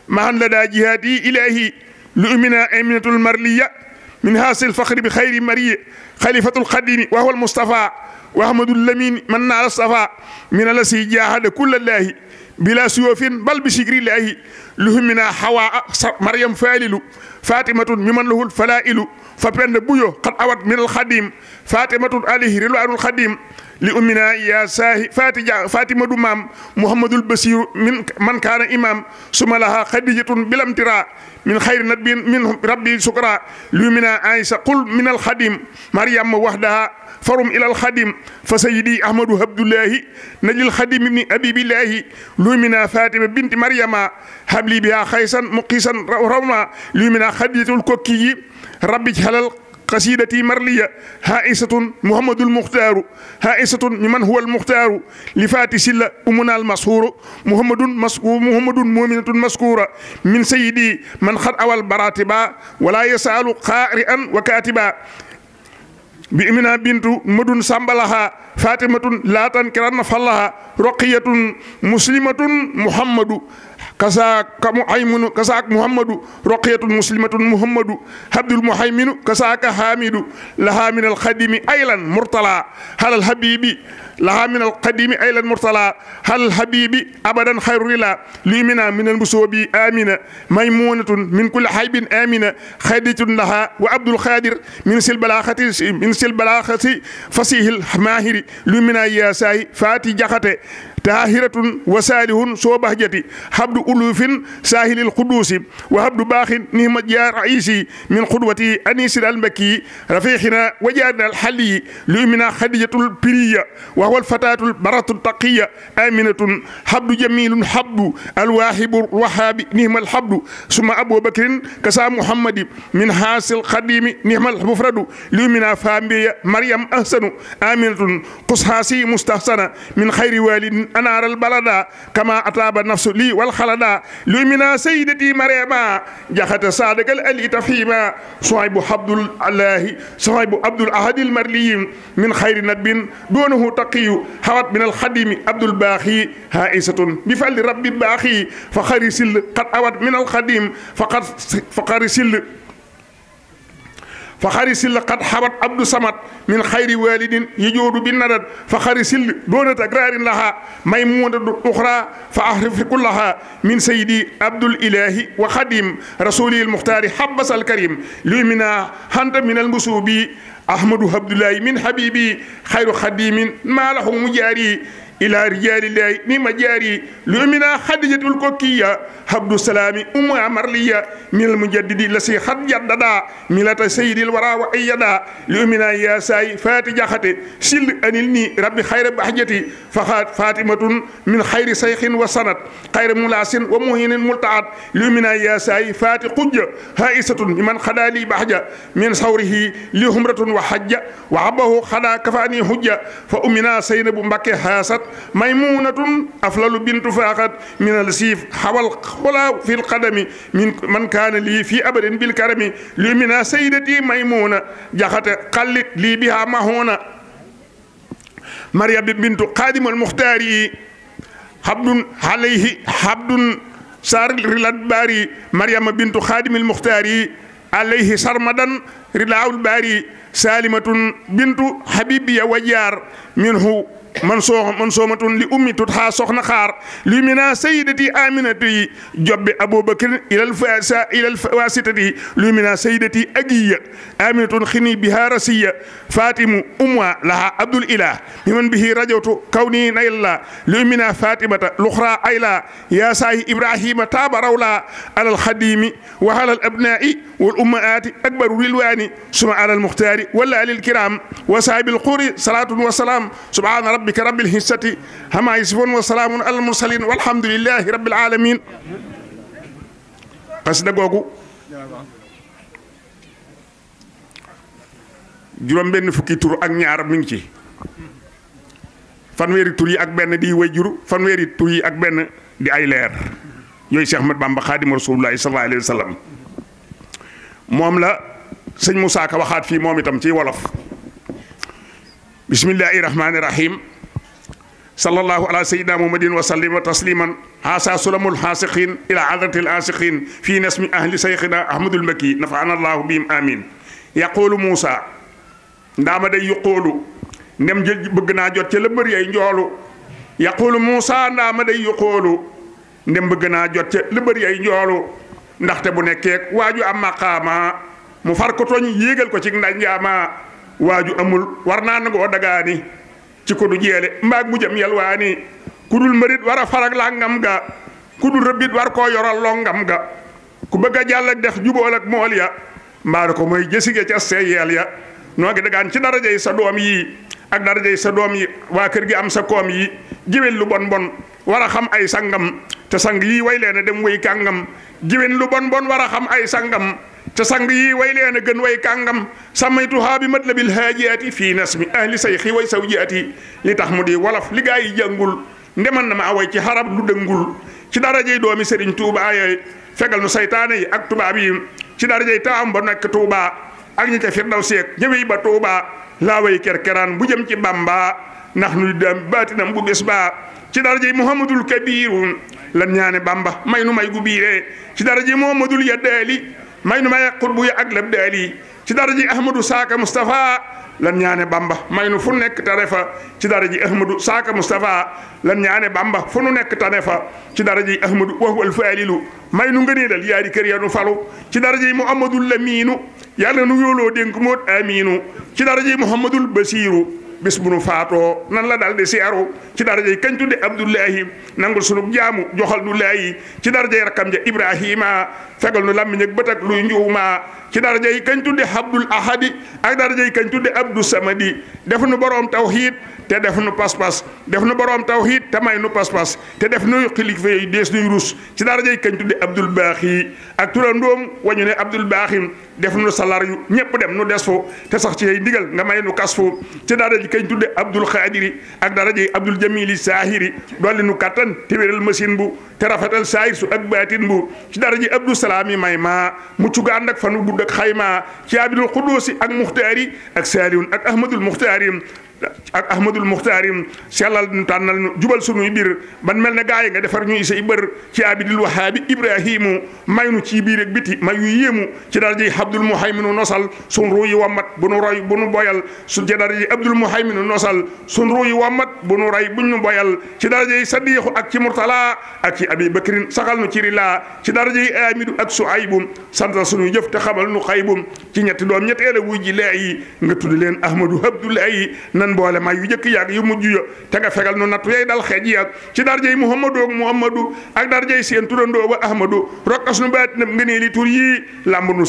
mahan lada jihadi ilahi li ummina aminatul marliya min hasil fakhri bi khayri mariye khalifatul qadimi wa huwa almustafa wa ahmadul lamin man naala stafa min alasi jahada kullallahi bila suyofin bal bi sikrillahi luhumina hawa maryam falilu fatimatun miman lahul falailu fa pende buyo qad awat min alkhadim fatimatul alihi rilwaanul xadim li ummina ya saahi fati fatimatu maam mouhamadul basiru min man kaana imam suma laha xadijatun bilamtira min xayri nabin min rabbi sukra li ummina aïsa qul min alxadim mariama waxdaha farum ila alxadim fa sayidi ahmadou habdullahi najil xadim ibni abibillahi li ummina fatima binti mariama habli biha xaysan muqisan rawma li ummina xadijatul kokkiyi rabbi halal xasiidati marliya haisatun muhammadul muxtaaru haisatun mi man huwa al muxtaaru li faati silla umuna al mashuuru muhammadun masku muhammadun muminatun maskuura min sayidi man xad awal baratiba wala yasaalu qaari'an wa kaatiba bi umina bintu madun sambalaha fatimatun laatan kiranna fallaha roqiyatun muslimatun muhammadu kasaak kamu ayminu kasaak muhammadu roqiyatun muslimatun muhammadu habdul muhayminu kasaaka hamidu laha min alxadimi aylan murtala halal habibi laha min alqadimi aylan murtala halal habibi abadan xayru lila limina min almusubi amina maymunatun min kulli haybin amina xadijatun laha wa abdul xadir min silbalaxati min silbalaxati fasihil mahiri limina yasayi fati jaxate taahiratun wa saalihun soo bahjati habdu ulufin saahilil quduusi wa habdu baaxin nihma jaar aisi min xudwati anisil almbakki rafiixina wa jaarina alxaliyi luumina xadijatul piriya wa huwa alfataatul baratu taqiya aminatun habdu jamilun habdu alwaahibu wahaabi nihma alhabdu summa abubakrin kasa muhammadi min haasil qadimi nihma almufradu luumina faambiya maryam ahsanu aminatun qushaasi mustahsana min xayri waalidin أنار البلدا كما أطاب النفس لي والخلدا لمنا سيدتي مريما جحت صادق الألي تفهيما صعيب عبد الله صعيب عبد الأحد المرلي من خير ندب دونه تقي حوت من الخديم عبد الباخي هائسة بفعل رب باخي فخرسل قد أود من الخديم فقد فقرسل fa xari sill xat xabat abdou samad min xayri walidin yijoodu bi nadat fa xari sill doonat agrarin laha may muudadu uxra fa ahrifikullaha min saydi abdul ilahi wa xadim rasulil muxtaari habbasal karim lumina hanta min almusubi ahmadou abdoulahi min habibi xayru xadimin malahu mujaari ila rijalillahi mima jaari lumina khadijatul kokkiya habdu salami ummu amarliya minal mujaddidi lasi khad jaddada milata sayyidil wara wa ayyada lumina ya sayi fati jakhate sil anilni rabbi khayra bahjati fakhat fatimatun min khayri saykhin wa sanat khayra mulasin wa muhinin multaat lumina ya sayi fati qujja haisatun liman khadali bahja min sawrihi li humratun wa hajja wa abahu khada kafani hujja fa umina saynabu mbakke hasat maymunatun aflalu bintu faaxat min al siif xawal xola fi lqadami min man kaana lii fii abadin bil karami li mina saydati maymuna jaxate xallit lii biha mahuna maria bintu xaadim al muxtaari yi habdun alayhi habdun sar rilat baari mariama bintu xaadim al muxtaari alayhi sarmadan rilaawul baari salimatun bintu habibiya wajaar minhu man soo man soomatun li ummi tut xaa soxna xaar li mina sayidati aminatu yi jobbi abubakar ilal fasa ilal wasitati li mina sayidati agiya aminatun xini biha rasiya fatimu umwa laha abdul ilah miman bihi rajawtu kawni naylla li mina fatimata luxra ayla ya sahi ibrahima taaba rawla alal xadimi wa alal abnai wal ummaati akbaru lilwani suma alal muxtaari wala lil kiram wa saabil xuri salatun wa salaam subhana rabbika rabbil izzati ammaa yasifuun wa salaamun alal mursaliin walhamdulillaahi rabbil aalamiin xasida googu juróom benn fukki tur ak ñaar mi ngi ci fanweeri tur yi ak benn di way jur yi ak benn di ay leer yooyu Cheikh Ahmad Bamba xaadimu rasuulullaahi sallallaahu alayhi wa sallam moom la sëñ Moussa waxaat fii moom itam ci wolof bismillahi rahmani rahim sallallahu ala sayyidina muhammadin wa sallim wa tasliman hasa sulamul hasiqin ila adratil asiqin fi nasmi ahli saykhina ahmadul makki nafa'ana allahu bihim amin yaqulu Moussa ndaama day yuqoolu ndem jël bëgg naa jot ca la bëri ay njoolu yaqulu Moussa ndaama day yuqoolu ndem bëgg naa jot ca la bëri ay njoolu ndaxte bu nekkee waaju am maqaama mu far ko tooñ ko ci ndajaama waaju amul war naa ne nangoo dagaani ci ko du jeele mbaag mu jëm yalwaani ku dul mërit war a farag laa ngam ga ku dul rëbbit war koo yoral loo ngam ga ku bëgg a jàll ak dex jubool ak mool ya mbaara ko mooy jësige ca seeyeel ya noo ngi dagaan ci daraja yi sa doom yi ak daraja yi sa doom yi waa kër gi am sa koom yi jiwén lu bon bon war a xam ay sangam te sang yii way leen dem way kàngam jiwén lu bon bon war a xam ay sangam te sang yi way leen a gën way kàngam sàmmaytuhaa bi matlabil haajiyaati fii nasmi ahli sayxi way sawjiyaati li tax mu di wolof li gaa yi jàngul ndeman na ma away ci xarab lu dëngul ci darajey doomi Serigne Touba yooyu fegal nu saytaane yi ak tubaab yi ci darajey taam ba nekk Touba ak ñi ca firdaw seek ñëwey ba Touba laa way kerkeraan bu jëm ci Bamba ndax nuy dem baatinam bu bés baa ci darajey Muhammadul Kabiru la ñaane Bamba may nu may gu biiree ci darajey Muhammadul Yaddaali may nu maye xutbu ya ak labdi ali ci dara ji ahmadou saaka moustapha lan ñaane bamba may nu fu nekk tane fa ci dara ji ahmadou saaka moustapha lan ñaane bamba fu nu nekk tane fa ci dara ji ahmadou waxwal faalilu may nu ngëneelal yaari kër ya nu falu ci dara ji muhammadul laminu yàlla nu yooloo dénk moot aminu ci dara ji muhammadul basiru bis bu nu faatoo nan la dal si aru ci darajay kañ tudde abdullahi nangul sunug jaamu joxal nu laayi ci darajay rakam ja ibrahima fegal nu lammiñ ak bët ak luy njuuma ci darajay kañ tudde abdul ahadi ak darajay kañ tudde abdu samadi def nu boroom tawhid te def nu pas-pas def na boroom tawxiid te may nu pas-pas te def nuy xilifa yi dees nuy rus ci darajay kañ tudde Abdul Baaxi ak turandoom wañu ne Abdul Baaxim def na salar yu ñëpp dem nu des fo te sax ci ay digal nga may nu kas fo ci darajay kañ tudde Abdul Xaadiri ak darajay Abdul Jamili Saahiri dolli nu kattan te wéral machine bu te rafetal saahir su ak baatin bu ci darajay Abdul Salaam may ma mucc ga ànd ak nu gudd ak xaymaa ci Abdul Xudoosi ak Muxtaari ak Saaliwun ak Ahmadul Muxtaari ak ahmadul muxtaarim sellal nu tànnal nu jubal sunuy biir ban mel ne gaa yi nga defar ñuy say bër ci abidil wahaabi ibrahimu may nu ci biir ak biti may yu yéemu ci daraja yi abdul muhayminu nosal sun ruu yi wammat bu nu roy bu nu boyal su ci daraja yi abdul muhayminu nosal sun ruu yi wammat bu nu roy buñ nu boyal ci daraja yi sadiixu ak ci murtala ak ci abi bakrin saxal nu ci rila ci daraja yi amidu ak suaybu santal sunuy jëf te xamal nu xaybum ci ñetti doom ñetteele wuy ji lay nga tudd leen ahmadu abdullahi nan nan boole may yu jëkk yàgg yu mujj ya te nga fegal nu nattu yey dal xeej yàgg ci darjey Muhammadu ak Muhammadu ak darjey seen ba Ahmadu rokkas nu baat na nga nee li tur yii lamb nu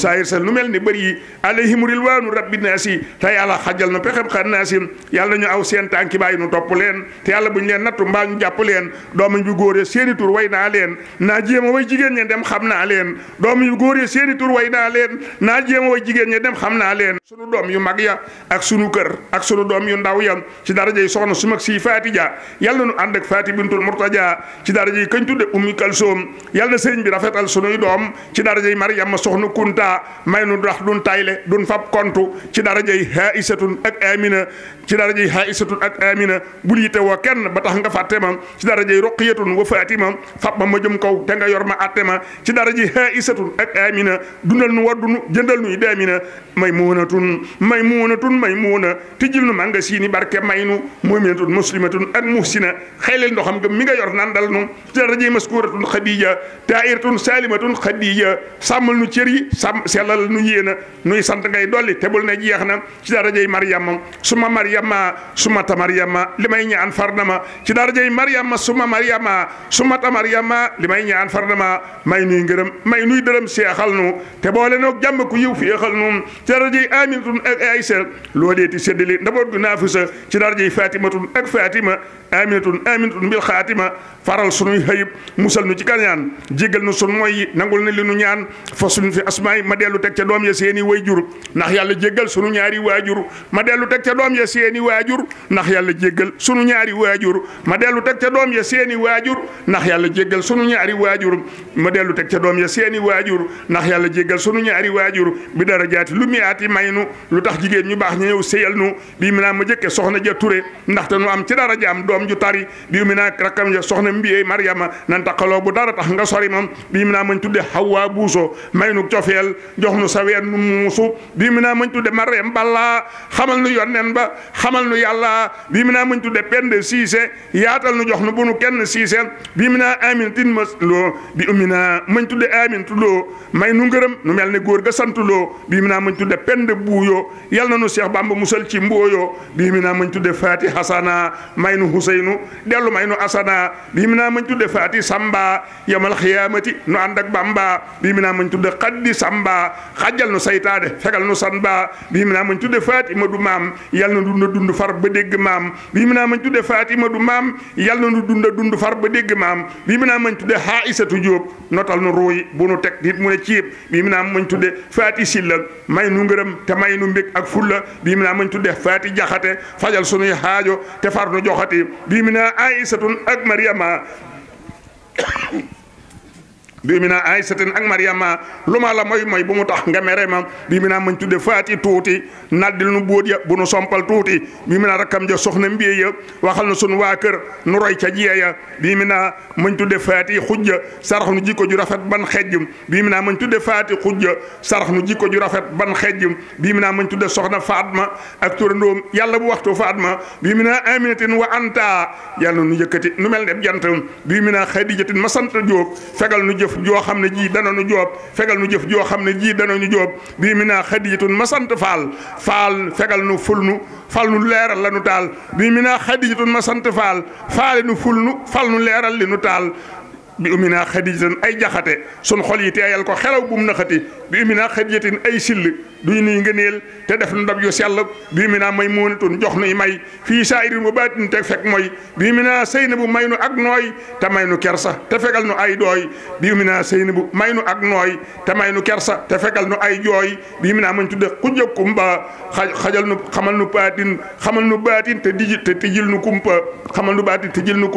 nu mel ni bëri yi alayhim rilwaanu rabbi naasi te yàlla xajal nu pexem xan naasi yàlla ñu aw seen tànki bàyyi nu topp leen te yàlla buñ leen jàpp leen doom yu góor seen i tur way naa leen naa jéema way jigéen ñe xam naa leen doom yu góor seen i tur way leen naa jéema jigéen ñe dem xam naa leen sunu doom yu mag ya ak sunu ak sunu doom yu ndaw muawiyam ci darajey soxna su mag si fatija yal na nu ànd ak fati bintul murtaja ci darajey kañ tudde ummi kalsoom yal na sëriñ bi rafetal sunuy doom ci darajey maryama soxna kunta may nu ndax dun tayle dun fab kontu ci darajey haisatun ak amina ci darajey haisatun ak amina bul yite woo kenn ba tax nga fàtte ma ci darajey roqiyatun wa fatima fab ma ma jëm kaw te nga yor ma atte ma ci darajey haisatun ak amina dundal nu waddunu jëndal nuy damina may muunatun may muunatun may muuna tijjil nu manga siini barke may nu muminatun muslimatun ak muhsina xaylel ndoxam nga mi nga yor nandal nu ci darajey maskuratun xadija tairatun salimatun xadija sàmmal nu cër yi sàmm sellal nu yéena nuy sant ngay dolli te bul ne jeex na ci darajey mariama suma maryama sumata maryama limay ñaan fardama ci darajay maryama suma maryama sumata maryama limay ñaan fardama may nuy ngërëm may nuy dërëm seexal nu te boole noog jàmm ku yiw feexal nu ci darajay aminatun ak aysa loo deeti séddali ndaboot gu naafisa ci darajay fatimatun ak fatima aminatun aminatun bil xaatima faral sunuy xëyib musal nu ci kañaan jéggal nu sun mooy yi nangul na li nu ñaan fa suñ fi asmaay ma dellu teg ca doom ya seeni way ndax yàlla jéggal seeni waajur ndax yàlla jéggal sunu ñaari waajur ma dellu teg ca doom ya seeni waajur ndax yàlla jéggal sunu ñaari waajur ma dellu teg ca doom ya seeni waajur ndax yàlla jéggal sunu ñaari waajur bi dara jaati lu miyaati may nu lu tax jigéen ñu baax ñu ñëw séyal nu bii mi naa ma jëkke soxna ja Ture ndaxte nu am ci dara jaam doom ju tari bi mi naa rakkam ja soxna mbiyey Mariama nan taqaloo bu dara tax nga sori moom bii mi naa mañ tudde Hawa Buuso may nu cofeel nu sa ween nu muusu bii mi naa xamal nu yàlla bii mi naa muñ tudde pend siise yaatal nu jox nu bu nu kenn siise bii mi naa amin tin ma loo bi ummi naa muñ tudde amin tulloo may nu ngërëm nu mel ne góor ga santuloo bii mi naa muñ tudde pend buuyoo yal na nu Seex Bamba musal ci mbooyoo bii mi naa muñ tudde faati hasana may nu huseynu dellu may nu asana bii mi naa muñ tudde faati samba yamal xiyaamati nu ànd ak bamba bii mi naa muñ tudde xaddi samba xajjal nu saytaade fegal nu sanba bii mi naa muñ tudde faati ma du maam yal na dund dund far ba dégg maam bii mu naa mañ tudde ma du maam yal na nu dunda dund far ba dégg maam bii mu naa dee tudde Haïsatu Jóob notal nu ruuy bu nu teg nit mu ne ciib bii mu naa mañ tudde Faati Silla may nu ngërëm te may nu mbég ak fulla bii mu naa mañ tudde Faati Jaxate fajal sunuy haajo te far nu joxati bii mu naa Aïsatun ak Mariama bii mi naa aysatin ak mariama lu ma la mooy mooy bu mu tax nga mere ma bii mi naa tu tudde faati tuuti naddil nu bóot ya bu nu sompal tuuti bii mi naa rakkam ja soxna mbiye ya waxal na sun waa kër nu roy ca jiye ya bii mi naa mañ tudde faati xujja sarax nu jikko ju rafet ban xejj bii mi naa mañ tudde faati xujja sarax nu jikko ju rafet ban xejj bii mi naa mañ tudde soxna faatma ak turandoom yàlla bu waxtu ma bii mi naa aminatin wa anta yàlla nu yëkkati nu mel ne jant bii mi naa xadijatin ma sant jëf joo xam ne jii dana nu joob fegal nu jëf joo xam ne jii dana nu joob bii mi naa xadijatun ma sant faal faal fegal nu ful nu fal nu leeral la nu taal bii mi naa xadijatun ma sant faal faale nu ful nu fal nu leeral li nu taal bi uminaa xadijatin ay jaxate sun xol yi teeyal ko xelaw bu mu naxati bi uminaa xadijatin ay sill duy nuy ngëneel te def nu ndab yu sell bi uminaa may muunatun jox nuy may fii saa'irin bu baatin te fekk mooy bi uminaa sëy na bu may nu ak nooy te may nu kersa te fegal nu ay dooy bi uminaa sëy bu may nu ak nooy te may nu kersa te fegal nu ay jooy bi uminaa mañ tudde ku jëkk kumpa xajal nu xamal nu baatin xamal nu baatin te dijil te tijil nu kumpa xamal nu baatin te jil nu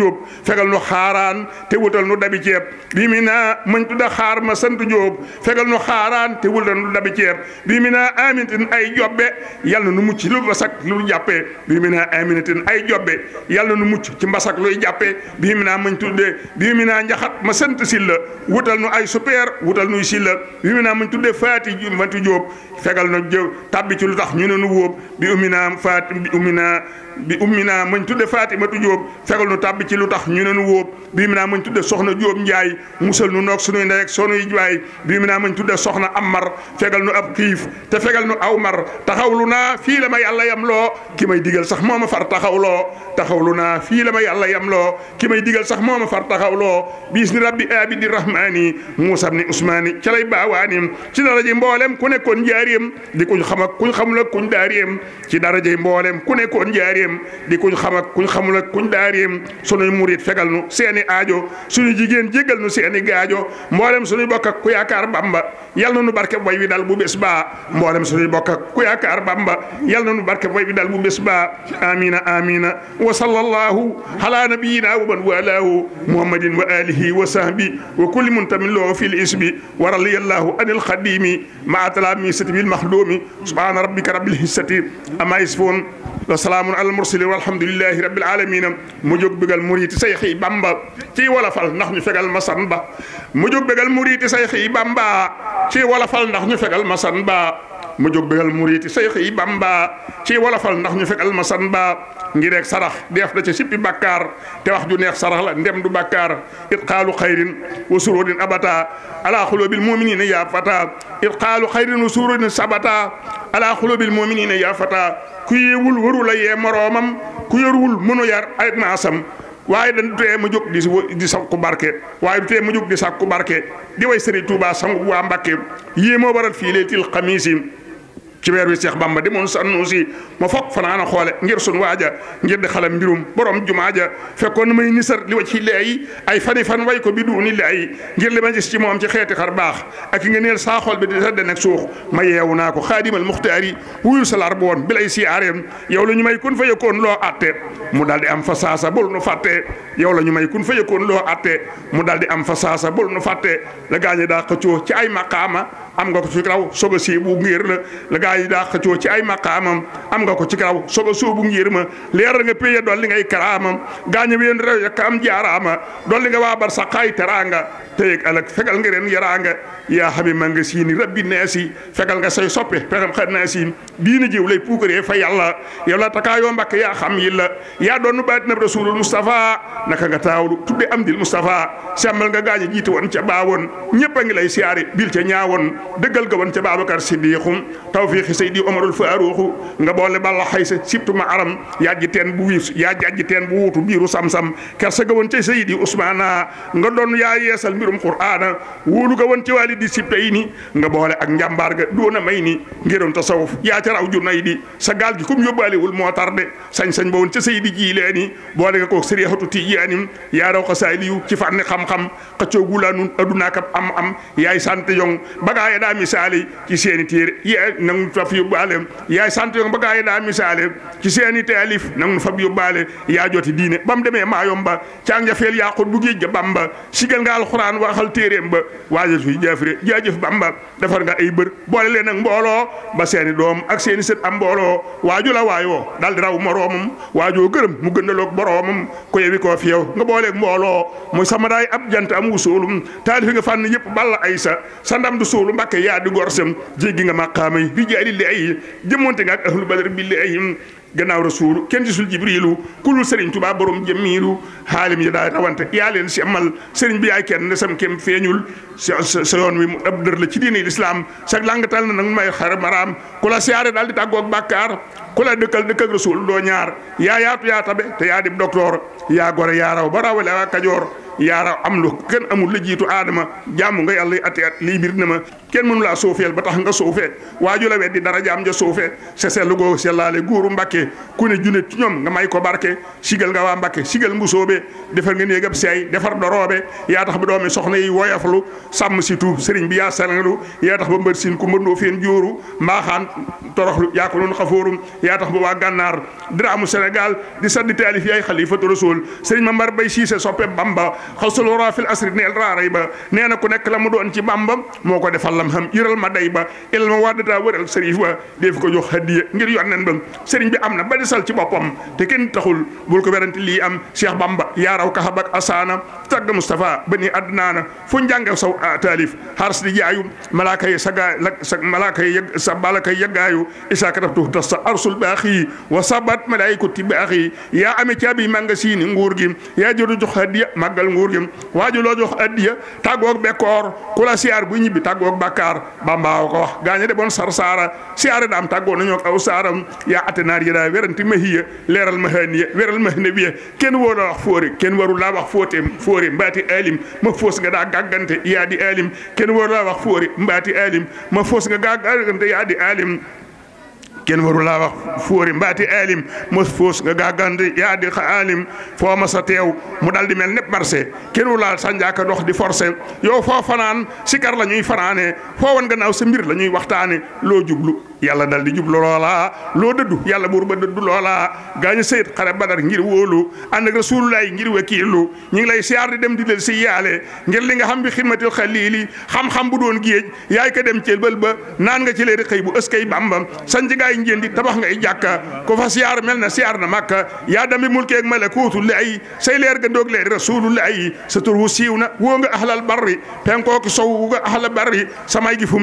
jóob fegal nu xaaraan te wutal nu dabi ceeb bii mi naa mañ tudda xaar ma sant jóob fegal nu xaaraan te wutal nu dabi ceeb bii mi naa amintin ay jobbe yàlla nu mucc lu basak lu jàppee bii mi naa amintin ay jobbe yàlla nu mucc ci mbasak luy jàppee bi mi naa mañ tuddee bii mi naa njaxat ma sant silla wutal nu ay super wutal nuy silla bii mi naa mañ tuddee faati manti jóob fegal nu tabbi ci lu tax ñu ne nu wóob bi umi naa faati bi umi naa bi ummi naa mañ tudde fatimatu jóob fegal nu tàbbi ci lu tax ñu ne nu wóob bi ummi naa mañ tudde soxna jóob njaay musal nu noog sunuy ndey ak sunuy jaay bi ummi naa mañ tudde soxna ammar fegal nu ab xiif te fegal nu aw mar taxawlu naa fii la ma yàlla yam loo ki may digal sax moo ma far taxaw lu naa fii la ma yàlla yam loo ki may digal sax moo ma far taxawloo biis ni rabbi abidi rahmaani muusam ni usmaani ca lay baawaani ci daraje mboolem ku nekkoon jaariyam di kuñ xam ak kuñ xamul ak kuñ daariyam ci daraje mboolem ku nekkoon jaariyam daareem di kuñ xam ak kuñ xamul ak kuñ daareem sunuy murit fegal nu suñu jigéen jéggal nu seeni gaajo mboolem suñuy bokk ak ku yaakaar bamba yal na nu barke way wi dal bu bés baa mboolem suñuy bokk ak ku yaakaar bamba yal na nu barke way wi dal bu bés baa amina amina wa sallallahu ala nabiyina wa man walaahu muhammadin wa alihi wa sahbi wa kulli muntamin loo fi lisbi wa radiyallahu anil xadimi maa talamisati bil maxdumi subhana rabbika rabbil izzati amma yasifun wa salaamun mursali walhamdulillahi rabbil alamina mu jóg bégal muriiti sayx yi bamba ci wolofal ndax ñu fegal ma samba mu jóg bégal muriiti sayx yi bamba ci wolofal ndax ñu fegal ma samba mu jóg bégal muriiti sayx yi bamba ci wolofal ndax ñu fekk almasan ba ngir rek sarax def da ca sippi bàkkaar te wax ju neex sarax la ndem du bàkkaar it qaalu xayrin wa suróodin abata ala xuloobil muminina ya fata it qaalu xayrin wa suróodin sabata ala xuloobil muminina ya fata ku yeewul waru la yee moroomam ku yorwul mënu yar ayit maasam waaye dañ tee ma jóg di di sakku barke waaye du tee ma jóg di sakku barke di way sëriñ Tuubaa sangu waa Mbàkke yii moo waral fii leetil xamiisi ci weer wi Seex Bamba demoon Sanusi ma fokk fanaan a xoole ngir sun waaja ngir di xalam mbirum borom jumaaja fekkoon na may nisar li wacc lay ay fani fan way ko bi duuni lay ngir li ma gis ci moom ci xeeti xar baax ak nga neel saa bi di sa den ak suux ma yeewu naa ko xaadimal muxtaari wuyu salar bu woon bi lay si aareem yow la ñu may kun fa yëkkoon loo atte mu daal di am fa saasa bul nu fàtte yow la ñu may kun fa yëkkoon loo atte mu daal di am fa saasa bul nu fàtte la gaañe daa xëccoo ci ay maqaama am nga ko fi raw soga gaa yi daa xëccoo ci ay maqaamam am nga ko ci kaw soog a sóobu ngir nga péye dolli ngay karaamam gaañu ween rew ya am jaaraama dolli nga waa bar nga ren yaraanga yaa xami ma nga siini rabbi neesi fegal nga say soppe pexem xar naa siin diina jiw lay puukaree fa yàlla yow la takaayoo mbakk la yaa doon baatinab rasulul Mustafa naka nga taawlu tudde am dil Mustafa sàmmal nga gaañu jiite woon ca baawoon ñëpp a ngi lay siyaare bil ca ñaawoon dëggal ga woon ca Babacar Siddiqum tawfi taarixi Seydi ma aram yaa ji teen bu wiis yaa jajji teen bu wuutu biiru sam-sam kersa ga woon ca Seydi Ousmaana nga doon yaa yeesal mbirum qur'aana wóolu ga woon ci wàlli di sibta yi ni nga boole ak njàmbaar ga doon a may sa gaal gi kum yóbbaalewul moo tarde sañ-sañ ba woon ca Seydi Jiilaani boole nga ko sëriexatu Tijaanim yaa raw xasaayli yu ci fànni xam-xam xëccoo gulaanu aduna ak am am yaay sant yong ba daa misaali ci seeni téere ya nangu fab yóbbaale yaay sant yoon ba gaa yi daa misaale ci seeni taalif nang nu fab yóbbaale yaa joti diine ba mu demee maayom ba caa njafeel yaa xut bu géej ga bamba sigal nga alxuraan waxal téeréem ba waaja suy jaafire jaajëf bamba defar nga ay bër boole leen ak mbooloo ba seeni doom ak seeni sët am mbooloo waaju la waayoo daal di raw moroomam waajoo gërëm mu gën gëndaloog boroomam ko yewi koo fiyew nga booleeg mbooloo muy sama daay ab jant am wusoolum taalifi nga fànn yëpp balla ay sa sa ndam du soolu mbàkke yaa di gorsem jéggi nga màqaamay sha'ri li ay jëmmonte nga ak ahlu badar bi li ay gannaaw rasuulu kenn gisul jibriilu kulul sëriñ tubaa borom jëmmiilu xaalim yi daal rawante yaa leen si amal sëriñ bi yaay kenn sam kem feeñul sa sa yoon wi mu ab dër la ci diine lislaam sag langatal na nag may xar maraam ku la siyaare daal di tàggoog bàkkaar ku la dëkkal dëkk ak rasuul doo ñaar yaa yaatu yaa tabe te yaa dib yaa gore yaa raw ba rawale waa kajoor yaaraw am lu kenn amul la jiitu aadama jàmm nga yàlla ati at lii biir na ma kenn mënu laa soofeel nga soofee waaju la Mbacke ku ne junet ci ñoom nga may ko barke sigal nga waa Mbacke sigal mbusoobe defar nga néegab seey defar doroobe yaa tax ba doomi soxna yi woyaflu sàmm si tuub sëriñ bi yaa selnglu yaa tax ba mbër siin ku mbëndoo feen jóoru siise soppe bamba xawsul wara fil asri neel raaray ba nee na ku nekk la mu doon ci bamba moo ko defal lam xam yëral ma day ba il ma waddata wëral sëriñ ba def ko jox hadiya ngir yonnen ba sëriñ bi am na ba desal ci boppam te kenn taxul bul ko werante lii am Cheikh Bamba yaaraw kaxabak asaana tagg Moustapha ba ni adnaana fu njàngal saw ah, taalif xars di jaayu malaaka yi sa gaa sa malaaka yi yëg sa balaka yi yëggaayu isaa katabtu tas sa arsul baax yi wa sabat malaykati baax yi yaa ame caabi magasin nguur gi yaa jëru jox addiya màggal nguur gi waaju loo jox addiya tàggoog bekkoor siyaar bu ñibbi tàggoog bakkaar Bamba gaaña de boon sar saara siyaara daam tàggoo nañoo aw saaram yaa laa weranti mahiya leeral mahaniya weral mahnawiya kenn woola wax foore kenn waru laa wax foote foore mbaati alim ma foos nga daa gàggante yaa di alim kenn waru laa wax foore mbaati alim ma foos nga daa gàggante yaa di alim kenn waru laa wax fóori mbaati alim mos foos nga gàggandi yaa di alim foo sa teew mu dal di mel ne marché kenn waru laa sànjaaka dox di forcé yow foo fanaan sikar la ñuy fanaanee foo wan gannaaw sa mbir la waxtaane loo jublu yàlla dal di jub loola loo dëddu yàlla buur ba dëddu loola gaañu sayit xare badar ngir wóolu ànd ak ngir wakiilu ñu ngi lay siyaar di dem di leen si yaale ngir li nga xam bi xidmatil xaliili xam-xam bu doon géej yaay ko dem cëlbal ba naan nga ci leeri xëy bu ëskay bamba sanc gaay njeen di tabax ngay jàkka ko fa siyaar mel na siyaar na màkka yaa dambi mulkeeg malakuutu lay say leer ga ndoog leeri rasulullaay sa tur wu siiw na woo nga ahlal barri penkooki sow nga ahlal barri samay gi fu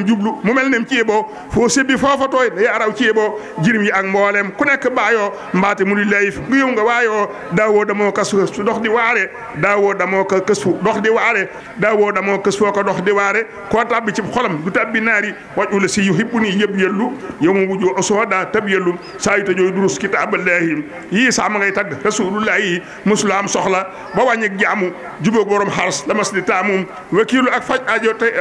hotoyde nde yaharaw ceeɓo jirmi an mboolem ko nekk mbaayo mbaate muli layif guyum ngo waayo dawoɗamo kasu ɗohde waare dawoɗamo ka kasu ɗohde waare dawoɗamo kasu o ko ɗohde waare ko tabbi cib holam du tabbi naari waƴƴule si yo hiɓɓuni yeɓ yellu yomo wujo o sooda tabi yellu sa yita joyi durus kitaballahi yi sama ngay tagg rasulullahi musulam sohla ba wañek jaamu jubog borom haras lamasdi tamum wakilu ak faj ajo tay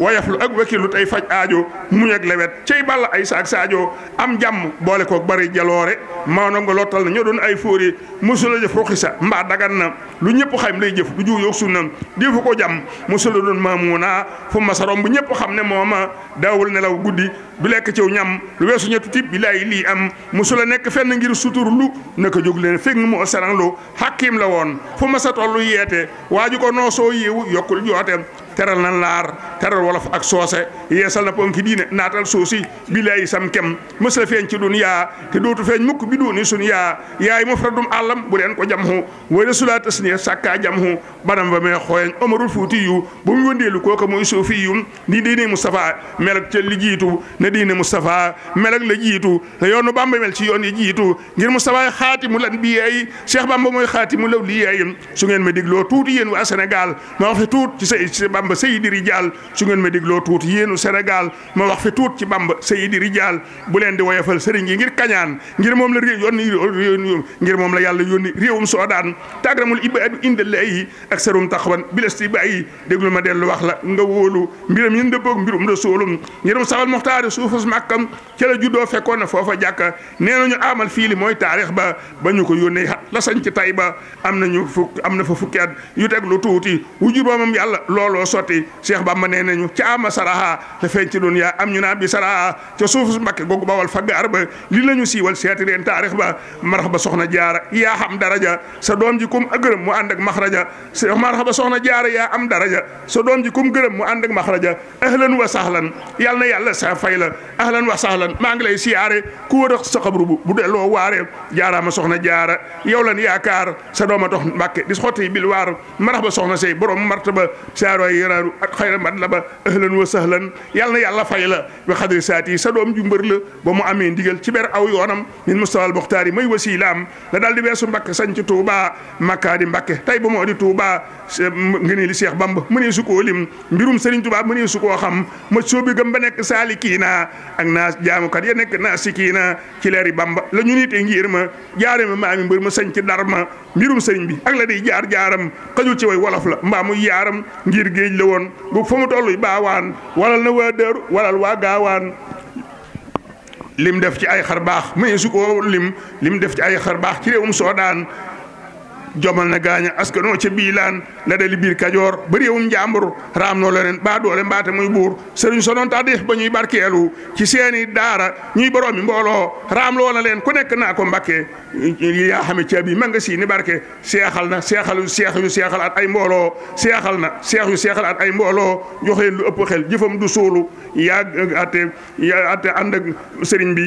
woyof lu ak wakilu tey faj aajo muñ ak lewet cey balla ay saak saajo am jàmm boole ko bari jaloore maanaam nga lottal na ñoo doon ay fóori mosula jëf ruqi sa mbaa dagan na lu ñëpp xam lay jëf du ju yoog sunna difu ko jàmm mosula doon maamuuna fu masarom bu ñëpp xam ne mooma daawul nelaw guddi du lekk ciw ñam lu weesu ñetti tib bi laay lii am mosula nekk fenn ngir sutur lu naka jóg leen fekk mu sarang lu xàkkiim la woon fu masa tollu yeete waaju ko noosoo yiwu yokkul joote teral na laar teral wolof ak soose yeesal na ponki diine naatal suusi billaay sam kem mës la feeñ ci dun yaa te dootu feeñ mukk bi dooni sun yaa yaay mufradum àllam bu leen ko jamhu way rasula tasniya sàkka jamhu banam ba mee xooyañ omarul fuuti yu bu mu wëndeelu kooka muy suufi yu di diine Mustafa melak ca li jiitu na diine Mustafa melak la jiitu te yoonu Bamba mel ci yoon yi jiitu ngir Mustafa xaatimul anbiyaay Cheikh Bamba mooy xaatimul awliyaay su ngeen ma dégloo tuuti yéen waa Sénégal ma bamba sayidi rijal su ngeen ma dégloo tuut yéenu Sénégal ma wax fi tuut ci bamba sayidi rijal bu leen di woyofal sëriñ gi ngir kañaan ngir moom la réew yónni ngir moom la yàlla yónni réewum soodaan tagramul ibadu indallahi ak sarum taxawan bilasti bàyyi déglu ma dellu wax la nga wóolu mbiram yën dëppoog mbirum rasulum ngirum saxal moxtaari suufus màkkam ca la juddoo fekkoon na foofa jàkka nee nañu amal fii li mooy taarix ba ba ñu ko yónnee la sañ ci ba am nañu fukk am na fa fukki sotti Cheikh Bamba nee nañu ca ama saraha te feeñ ci doon yaa am ñu naan bi saraha ca suufu Mbàkke googu bawal fagg arba li la ñu siiwal seeti leen taarix ba marhaba soxna jaara yaa xam daraja sa doom ji kum gërëm mu ànd ak maxraja marhaba soxna jaara yaa am daraja sa doom ji kum gërëm mu ànd ak maxraja ahlan wa sahlan yal na yàlla la wa sahlan maa ngi lay siyaare ku wër sa xabru bu bu delloo waare jaaraama soxna jaara yow lan yaakaar sa dooma tox Mbàkke di xotti bil waar marhaba soxna say borom martaba saaroy yaraaru ak xayra man la ba ahlan wa sahlan yàlla na yàlla fay la bi sa doom ju mbër la ba mu amee ndigal ci ber aw yoonam min mustawal muxtaar may wasilaam la daal di weesu mbàkke sañ ci Touba makkaa di ba moo di Touba nga ne li Cheikh Bamba mënee su koo lim mbirum Serigne Touba mënee su koo xam ma soobi gëm ba nekk saalikiina ak naa jaamukat ya nekk naa sikiina ci leeri Bamba la ñu nitee ngir ma jaare ma maami mbër ma sañ ci dar ma mbirum Serigne bi ak la day jaar jaaram xajul ci way wolof la géej la woon bu fa mu toll baawaan walal na waa dër walal waa gaawaan lim def ci ay xar baax mais su ko lim lim def ci ay xar baax ci réewum Soodaan jomal na gaaña askano ca la ladali biir kajoor ba réewum njàmbur raam noo leneen baa doole mbaate muy buur sëriñ sonoon tax def ba ñuy barkeelu ci seeni daara ñuy boroomi mbooloo raam loola leen ku nekk naa ko mbakke yaa xame ci abi nga sii ni barke seexal na seexal yu seex yu seexal at ay mbooloo seexal na seex yu seexal at ay mbooloo joxe lu ëpp xel jëfam du suulu yaa atte yaa atte ànd sëriñ bi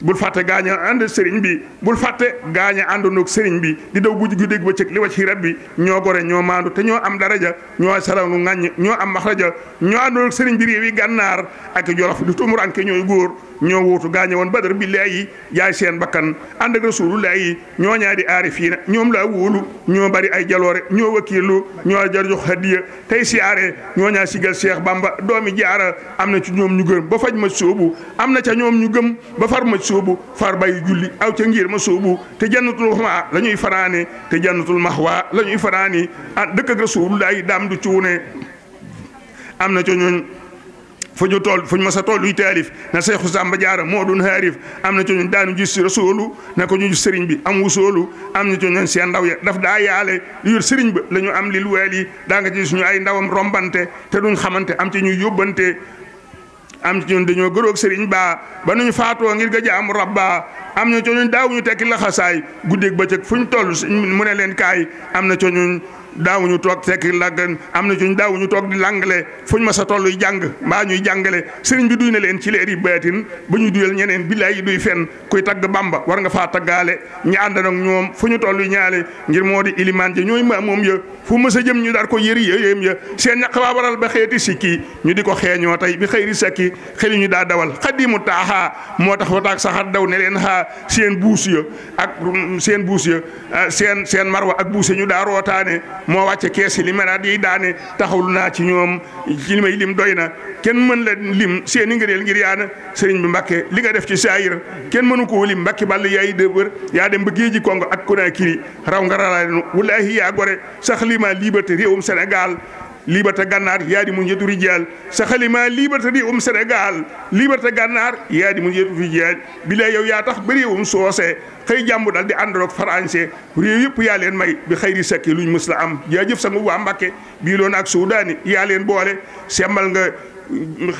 bul fàtte gaañ a ànd sëriñ bi bul fàtte gaañ a àndandoog sëriñ bi di daw guddi guddi bëccëg li wacci rab bi ñoo gore ñoo maandu te ñoo am daraja ñoo sarangu ŋàññ ñoo am maxraja ñoo àndandoog sëriñ bi réew yi gànnaar ak jolof di tumuranke ñooy góor ñoo wuutu gaañe woon badar billaahi jaay seen bakkan ànd ak rasulullaahi ñoo ñaari aarifiina ñoom laa wóolu ñoo bari ay jaloore ñoo wakiilu ñoo jar jox hadiya tey siyaare ñoo ñaa sigal Cheikh Bamba doomi jaara am na ci ñoom ñu ba faj ma sóobu am na ca ñoom ñu gëm ba far ma sóobu far bayi julli aw ca ngir ma sóobu te jannatul waxma la ñuy fanaane te jannatul maxwa la ñuy fanaani dëkk ak rasulullaahi daam du cuune am na ca ñooñ fu ñu toll fu ñu mas a toll luy taalif na Seexu Sàmba Jaara moo doon xaarif am na ci ñun daanu gis rasoolu na ko ñu sëriñ bi am wusoolu am na ci ñun seen ndaw ya daf daa yaale yor sëriñ ba la ñu am lil weel yi daa nga ci suñu ay ndawam rombante te duñ xamante am ci ñuy yóbbante am ci ñun dañoo gëroog sëriñ baa ba ñu faatoo ngir gëj a am rabba am na ci ñun daawuñu tekki laxasaay guddeeg bëccëg fu ñu toll mu leen kaay am na ci ñun daawuñu toog fekk làgg am na ci daawuñu toog di làngale fuñ ma sa toll jàng mbaa ñuy jàngale sëriñ bi duy na leen ci leer yi baatin ba ñu duyal ñeneen billaay yi fenn kuy tagg bamba war nga faa taggaale ñi ànd ak ñoom fu ñu toll ñaale ngir moo di ilimaan ja ma moom ya fu ma sa jëm ñu dar ko yëri yëyeem ya seen ñaq baa waral ba xeeti sikki ñu di ko xeeñoo tey bi xëyri sakki xeli ñu daa dawal xadimu taaxaa moo tax wataak saxar daw ne leen xaa seen buus ya ak seen buus ya ah, seen seen marwa ak buus ya ñu daa rootaane moo wàcce kees yi li meraat yi daane taxawlu naa ci ñoom ci li may lim doy na kenn mën la lim seen i ngëneel ngir yaana sëriñ bi Mbàkke li nga def ci saayir kenn mënu ko lim Mbàkke ball yaay de yaa dem ba géeji Congo ak Conakry raw nga ralaanu wallaahi yaa gore sax lima liberté réewum senegal liberté gànnaar yaadi mu njëtu rijal sa xalima liberté di um sénégal liberté gànnaar yaadi mu njëtu rijal bi lay yow yaa tax ba réewum soosee xëy jàmbu dal di àndaloog français réew yëpp yaa leen may bi xëyri sakki luñ mës la am jaajëf sama waa mbàkke bii loon ak soudaani yaa leen boole sembal nga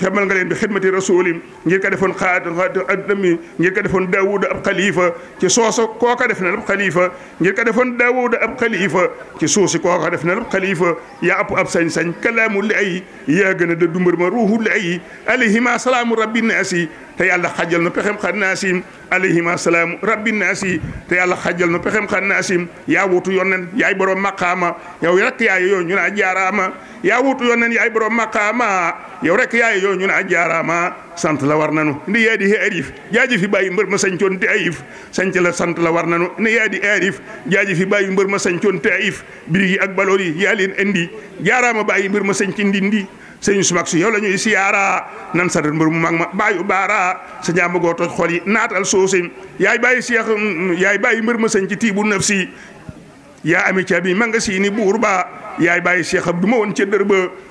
xamal nga leen bi xidmati rasulim ngir ka defoon defoon daawuda ab xalifa ci sooso kooka def na ab xalifa ngir ka defoon daawuda ab xalifa ci suusi kooka def na ab xalifa yaa app ab sañ-sañ kalaamu li yaa gën a da dumbar ma ruuhu li alayhima salaamu rabbi naasi te yàlla xajal na pexem xannaasim alayhim asalaamu rabbi naasi te yàlla xajal na pexem xannaasim yaa wutu yonnen yaay borom maqaama yow rek yaay yoo ñu naa jaaraama yaa wutu yonnen yaay borom maqaama yow rek yaay yoo ñu naa jaaraama sant la war nanu ndi yaa di arif jaaji fi bàyyi mbër ma sañcoon te ayif sanc la sant la war nanu ndi yaa arif jaaji fi bàyyi mbër ma sañcoon te ayif ak baloor yi yaa leen indi jaaraama bàyyi mbër ma sañci ndindi sëñ su mag si yow la ñuy siyaara nan sa mbër mu mag ma bàyyu baara sa njàmb goo toj xol yi naatal suusim yaay bàyyi seex yaay bàyyi mbër ma sëñ ci tiibu naf si yaa ami ceeb ma nga sii ni ba yaay bàyyi seex ab du ma woon ca ba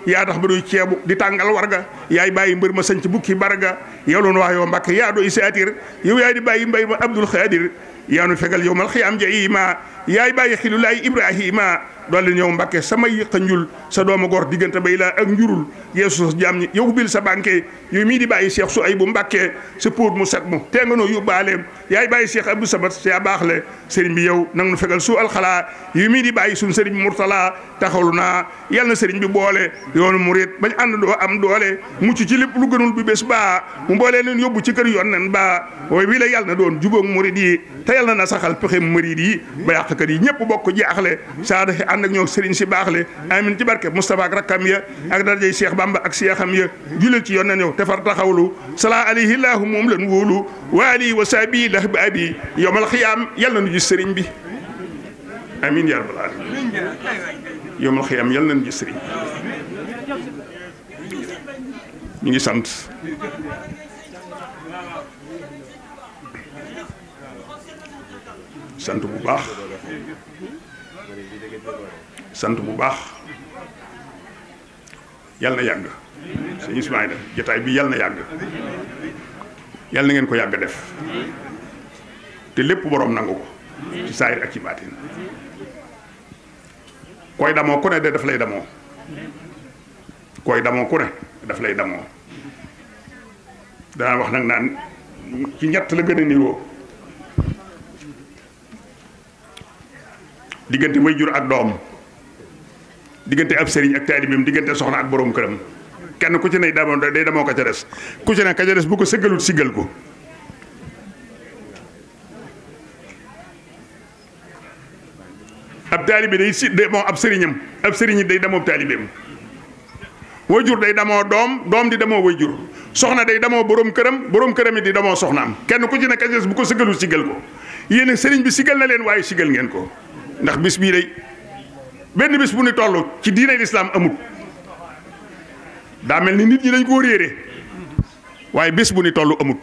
yaa tax ba duy ceebu di tàngal warga yaay bàyyi mbër ma sanc ci bukki barga yow loonu wax yow mbàkk yaa doy saatir yow yaay di bàyyi mbay ma abdul xaadir yaa nu fegal yow mal xiyaam ja ima yaay bàyyi xilu ibrahima dolli ñëw Mbàkke sama yëqa njul sa dooma gor diggante bay laa ak njurul yeesu sa jaam ñi yow bil sa banque yooyu mii di bàyyi Cheikh su ay bu Mbàkke sa póot mu set mu tee noo yóbbaaleem yaay bàyyi Cheikh Abdou Samad yaa baax le sëriñ bi yow nang nu fegal su alxalaa yooyu mii di bàyyi suñ sëriñ bi Murtala naa yal na sëriñ bi boole yoonu murit bañ ànd doo am doole mu ci lépp lu gënul bi bés baa mu boolee leen yóbbu ci kër yoon nen baa wooy wii la yal na doon jubóog murit yi te yal na na saxal pexe murit yi ba yàqkat yi ñëpp bokk jaaxle ànd ak ñoo sëriñ si baax le amin ci barke Moustapha ak rakkam ya ak darajey Cheikh Bamba ak seexam ya julal ci yoon na ñëw tefar taxawlu salaa alayhi laahu moom lan wóolu waali wa saabi lah bi abi yowmal xiyaam yàlla nu gis sëriñ bi amin yaa rabbal ñu ngi sant sant bu baax sant bu baax yàlla na yàgg sëñ Ismaïla jataay bi yàlla na yàgg yàlla na ngeen ko yàgg def te lépp boroom nangu ko ci saayir ak ci baatin koy damoo ku de daf lay damoo koy damoo ku ne daf lay damoo danaa wax nag naan ci ñett la gën a niwoo diggante way jur ak doom diggante ab sëriñ ak taalibeem diggante soxna ak borom këram kenn ku ci ne damoon day damoo ko ca des ne ka ca des bu ko sëggalut siggal ko ab taalibe day si day moom ab sëriñam ab sëriñ day damoo taalibeem wayjur day damoo doom doom di damoo wayjur soxna day damoo borom këram borom këram it di damoo soxnaam kenn ku ci ne bu ko sëggalut siggal ko yéen sëriñ bi siggal na leen waaye siggal ngeen ko ndax bis bii day. benn bis bu ni toll ci diine lislaam amut daa mel ni nit ñi dañ koo réere waaye bis bu ni toll amut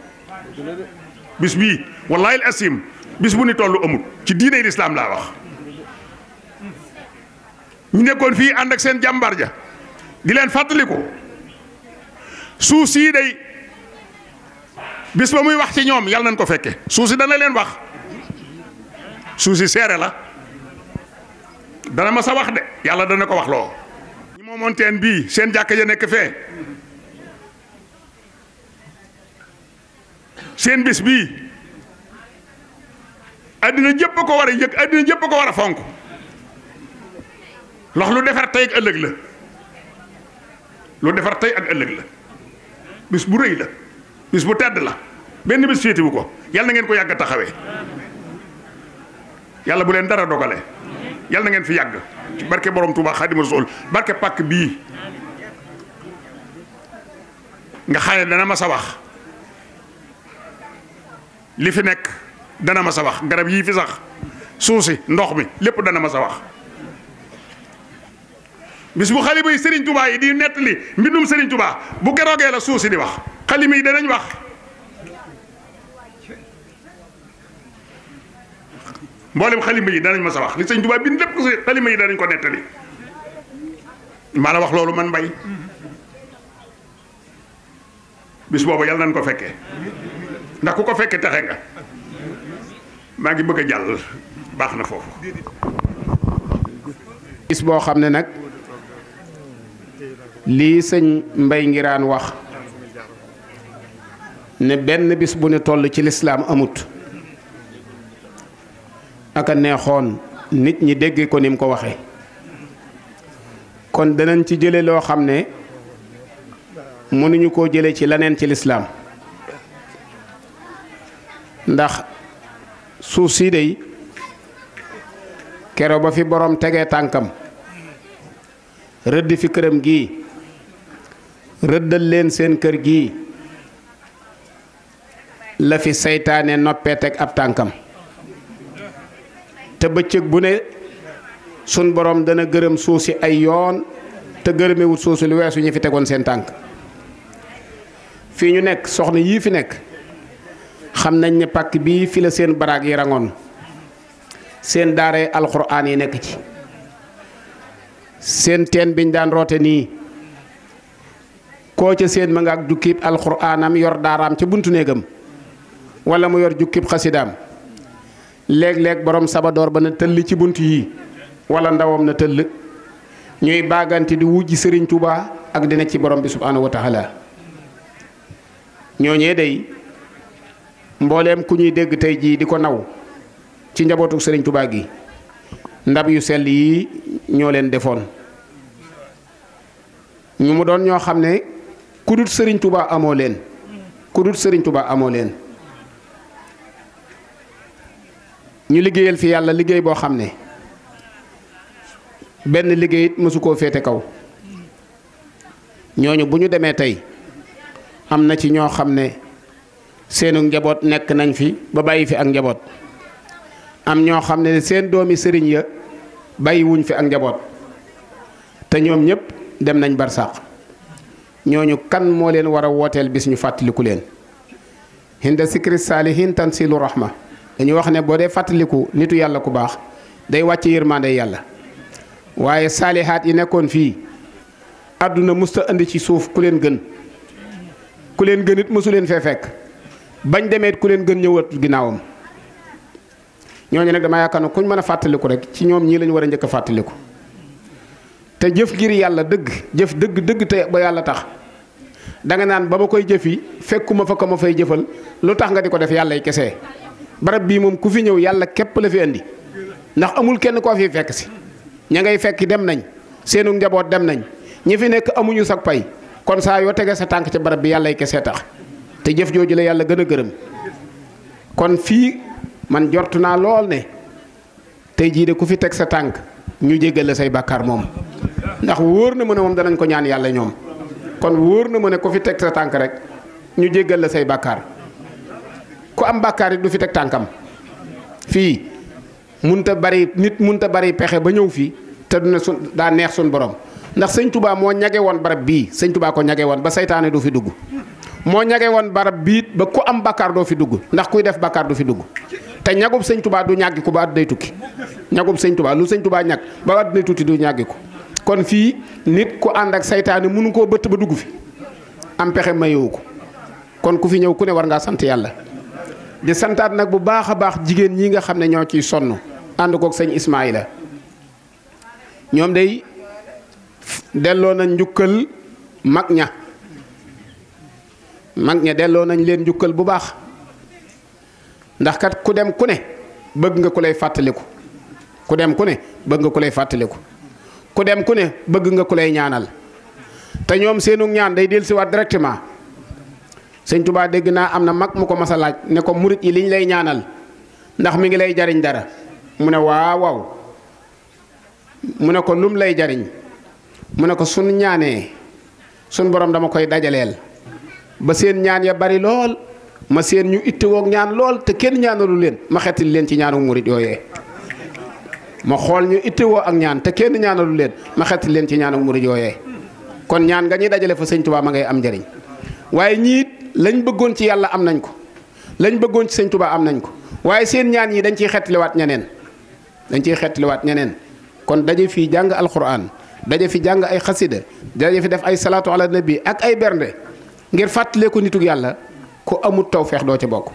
bis bii wallahi al bis bu ni toll amut ci diine lislaam laa wax ñu nekkoon fii ànd ak seen jàmbar ja di leen fàttaliku suuf sii day bis ba muy wax ci ñoom yàlla nañ ko fekke suuf si dana leen wax suuf si seere la dana ma sa wax de yàlla dana ko wax loo ñi moomoon teen bii seen jàkk ya nekk fee seen bis bii àddina jëpp a ko war a yëg àddina jëpp ko war a fonk lox lu defar tey ak ëllëg la lu defar tey ak ëllëg la bis bu rëy la bis bu tedd la benn bis féetiwu ko yàlla na ngeen ko yàgg taxawee yàlla bu leen dara dogale yal na ngeen fi yàgg barke borom Touba Xaadimu Rasuul barke pàkk bii nga xam dana ma sa wax li fi nekk dana ma sa wax garab yii fi sax suuf si ndox mi lépp dana ma sa wax bis bu xalima yi Serigne Touba yi di nettali mbindum sëriñ Touba bu keroogee la suuf si di wax xalima yi danañ wax. mboolem xalima yi danañ ma sa wax li sañ Tuubaa bind lépp ko xalima yi danañ ko nettali maa la wax loolu man mbay bis boobu yàlla nañ ko fekkee ndax ku ko fekkee taxe nga maa ngi bëgg a jàll baax na foofu
bis boo xam ne nag lii sëñ Mbay Ngiraan wax ne benn bis bu ne toll ci lislaam amut ak a neexoon nit ñi dégg ko ni mu ko waxe kon danañ ci jële loo xam ne mënuñu koo jële ci leneen ci lislaam ndax suuf sii dey kero ba fi borom tege tànkam rëdd fi këram gii rëddal leen seen kër gii la fi seytaane noppee teg ab tànkam te bëccëg bu ne sun borom dana gërëm suuf si ay yoon te gërëmewut suuf si lu weesu ñu fi tegoon seen tànk fii ñu nekk soxna yii fi nekk xam nañ ne pàkk bii fi la seen baraag yi rangoon seen daaree alxuraan yi nekk ci seen teen biñ daan roote nii koo ca seen ma nga ak jukkiib alxuraanam yor daaraam ca buntu néegam walla mu yor jukkiib xasidaam léeg-léeg borom sabadoor ba na tëll ci bunt yi wala ndawam na tëll ñuy baagante di wujj sëriñ tubaa ak dina ci borom bi subhaanahu wa taala ñooñee day mbooleem ku ñuy dégg tey jii di ko naw ci njabootu sëriñ tubaa gi ndab yu sell yii ñoo leen defoon ñu mu doon ñoo xam ne ku sëriñ tubaa amoo leen ku sëriñ tubaa amoo leen ñu liggéeyal fi yàlla liggéey boo xam ne benn liggéey it mësu koo féete kaw ñooñu bu ñu demee tey am na ci ñoo xam ne seenu njaboot nekk nañ fi ba bàyyi fi ak njaboot am ñoo xam ne seen doomi sëriñ ya bàyyiwuñ fi ak njaboot te ñoom ñëpp dem nañ barsàq ñooñu kan moo leen war a wooteel bi suñu fàttaliku leen hinda sikri saalihin tansilu ma dañu wax ne boo dee fàttaliku nitu yàlla ku baax day wàcc yërmande yàlla waaye saalihaat yi nekkoon fii àdduna musta indi ci suuf ku leen gën ku leen gën it mosu leen fee fekk bañ demeet ku leen gën ñëwaat ginnaawam ñooñu nag dama yaakaar ne kuñ mën a fàttaliku rek ci ñoom ñii lañu war a njëkk fàttaliku te jëf ngir yàlla dëgg jëf dëgg dëgg te ba yàlla tax danga naan ba ma koy jëfi fekkuma fa ko ma fay jëfal lu tax nga di ko def yàlla yàllay kese barab bii moom ku fi ñëw yàlla képp la fi andi ndax amul kenn koo fi fekk si ña ngay fekk dem nañ seenu njaboot dem nañ ñi fi nekk amuñu sag pay kon saa yoo tege sa tànk ca barab bi yàlla ay kese tax te jëf jooju la yàlla gën a gërëm kon fii man jort naa lool ne tey jii de ku fi teg sa tànk ñu jéggal la say bàkkaar moom ndax wóor na ma ne moom danañ ko ñaan yàlla ñoom kon wóor na ma ne ku fi teg sa tànk rek ñu jéggal la say bàkkaar ku am bàkkaar it du fi teg tànkam fii munta bari nit mun munta bari pexe ba ñëw fii te du ne sun daa neex suñ borom ndax sëñ tubaa moo ñage woon barab bii sëñ tubaa ko ñage woon ba seytaane du fi dugg moo ñage woon barab bii ba ku am bàkkaar doo fi dugg ndax kuy def bàkkaar du fi dugg te ñagub sëñ tubaa du ñàggiku ba at day tukki ñagub sëñ tubaa lu sëñ tubaa ñàkk ba at day tuuti du ñàggiku kon fii nit ku ànd ak seytaane mënu koo bëtt ba dugg fi am pexe mayewu ko kon ku fi ñëw ku ne war ngaa sant yàlla di santaat nag bu baax a baax jigéen ñi nga xam ne ñoo ciy sonn ànd koog sëñ Ismaïla ñoom day delloo nañ njukkal mag ña mag ña delloo nañ leen njukkal bu baax ndax kat ku dem ku ne bëgg nga ku lay fàttaliku ku dem ku ne bëgg nga ku lay ku dem ku ne bëgg nga ku lay ñaanal te ñoom seenu ñaan day dellusiwaat directement. sëñ tubaa dégg naa am na mag mu ko mas laaj ne ko murit yi liñ lay ñaanal ndax mi ngi lay jariñ dara mu ne waaw waaw mu ne ko lum lay jariñ mu ne ko sun ñaanee sun borom dama koy dajaleel ba seen ñaan ya bari lool ma seen ñu ittewoog ñaan lool te kenn ñaanalu leen ma xettil leen ci ñaanu murit yooyee ma xool ñu ittewoo ak ñaan te kenn ñaanalu leen ma xettil leen ci ñaanu murit yooyee kon ñaan nga ñuy dajale fa sëñ tubaa ma ngay am njariñ waaye ñiit lañ bëggoon ci yàlla am nañ ko lañ bëggoon ci sëñ Tuubaa am nañ ko waaye seen ñaan yi dañ ciy xettaliwaat ñeneen dañ ciy xettaliwaat ñeneen kon daje fii jàng alxuraan daje fi jàng ay xasida daje fi def ay salaatu ala nabi ak ay bernde ngir fàttaleeku nituk yàlla ku amut tawfeex doo ci bokk.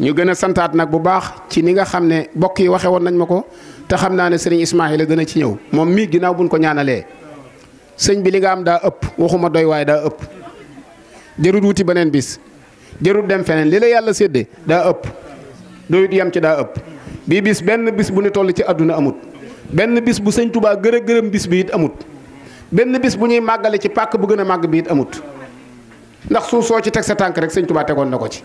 ñu gën a santaat nag bu baax ci ni nga xam ne bokk yi waxe woon nañ ma ko te xam naa ne sëriñ gën a ci ñëw moom mii ginnaaw buñ ko ñaanalee sëñ li nga am daa doy waaye daa ëpp. jërut wuti beneen bis jërut dem feneen li la yàlla séddee daa ëpp doyut yem ci daa ëpp bii bis benn bis bu ñu toll ci àdduna amut benn bis bu sëñ tubaa gërë gërëm bis bi it amut benn bis bu ñuy màggale ci pàkk bu gën a màgg bi it amut ndax suuf soo ci teg sa tànk rek sëñ Touba tegoon na ko ci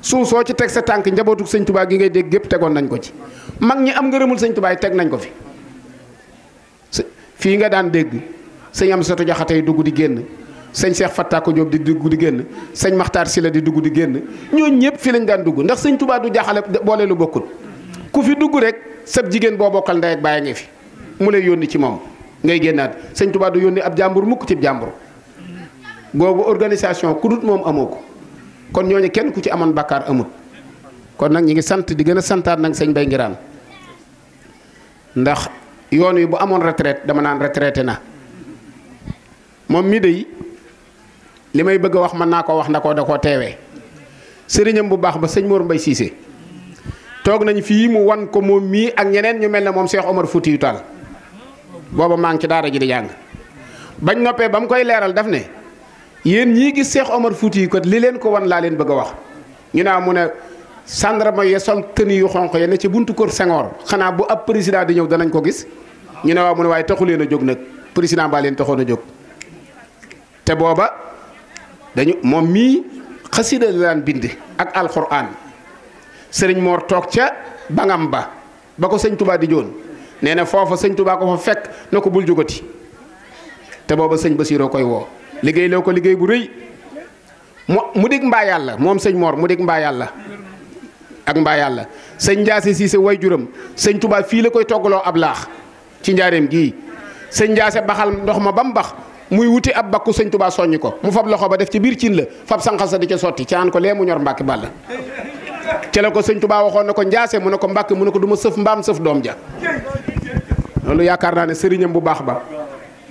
suuf soo ci teg sa tànk njabootu sëñ tubaa gi ngay dégg gépp tegoon nañ ko ci mag ñi am ngërëmul sëñ Touba yi teg nañ ko fi fii nga daan dégg sëñ am satu jaxate yi dugg di génn sëñ Cheikh Fattako Diop di dugg di génn sëñ Makhtar Sylla di dugg di génn ñooñ ñëpp fi lañ daan dugg ndax sañ Touba du jaaxale boole lu ku fi dugg rek sab jigéen boo bokkal ndey ak baay fi mu lay yónni ci moom ngay génnaat sëñ Touba du yónni ab jàmbur mukk ci jàmbur googu organisation ku moom amoo ko kon ñooñu kenn ku ci amoon bakkaar amut kon nag ñi ngi sant di gën a santaat nag sëñ Bay Ngiraan ndax yoon wi bu amoon retraite dama naan retraité na moom li may bëgg a wax mën naa ko wax na ko da koo teewe sëriñam bu baax ba sëñ Mor Mbay Cissé toog nañ fii mu wan ko moom mii ak ñeneen ñu mel ne moom Cheikh Omar Foutiyou Tall booba maa ngi ci daara ji di jàng bañ noppee ba mu koy leeral daf ne yéen ñii gis seex Omar Foutiyou kat li leen ko wan laa leen bëgg wax ñu naa ah, mu ne gendarme ya sol tenue yu xonq ya ne ci buntu kër Senghor xanaa bu ab président di ñëw danañ ko gis ñu ne waaw mu ne waaye taxu leen a jóg nag président baa leen taxoon a jóg booba dañu moom mii xasida la bind ak alxuraan sëriñ Moor toog ca bangam ba ba ko sëñ Touba di joon nee na foofa sëñ Touba ko fa fekk na ko bul jógati te booba sëñ Basiiroo koy woo liggéey loo ko liggéey bu rëy mu mu dig mbaa yàlla moom sëñ Moor mu dig mbaa yàlla ak mbaa yàlla sëñ Ndiasse Cissé way juram sëñ tubaa fii la koy toggaloo ab laax ci njaareem gii sëñ Ndiasse baxal ndox ma ba mu bax muy wuti ab bakku sëñ tubaa soññi ko mu fab loxo ba def ci biir cin la fab sanqal sa di ca sotti ca naan ko lee mu ñor mbàkki bàll ca la ko sëñ tubaa waxoon na ko njaase mu ne ko mbàkk mu ne ko du ma sëf mbaam sëf doom ja loolu yaakaar naa ne sëriñam bu baax ba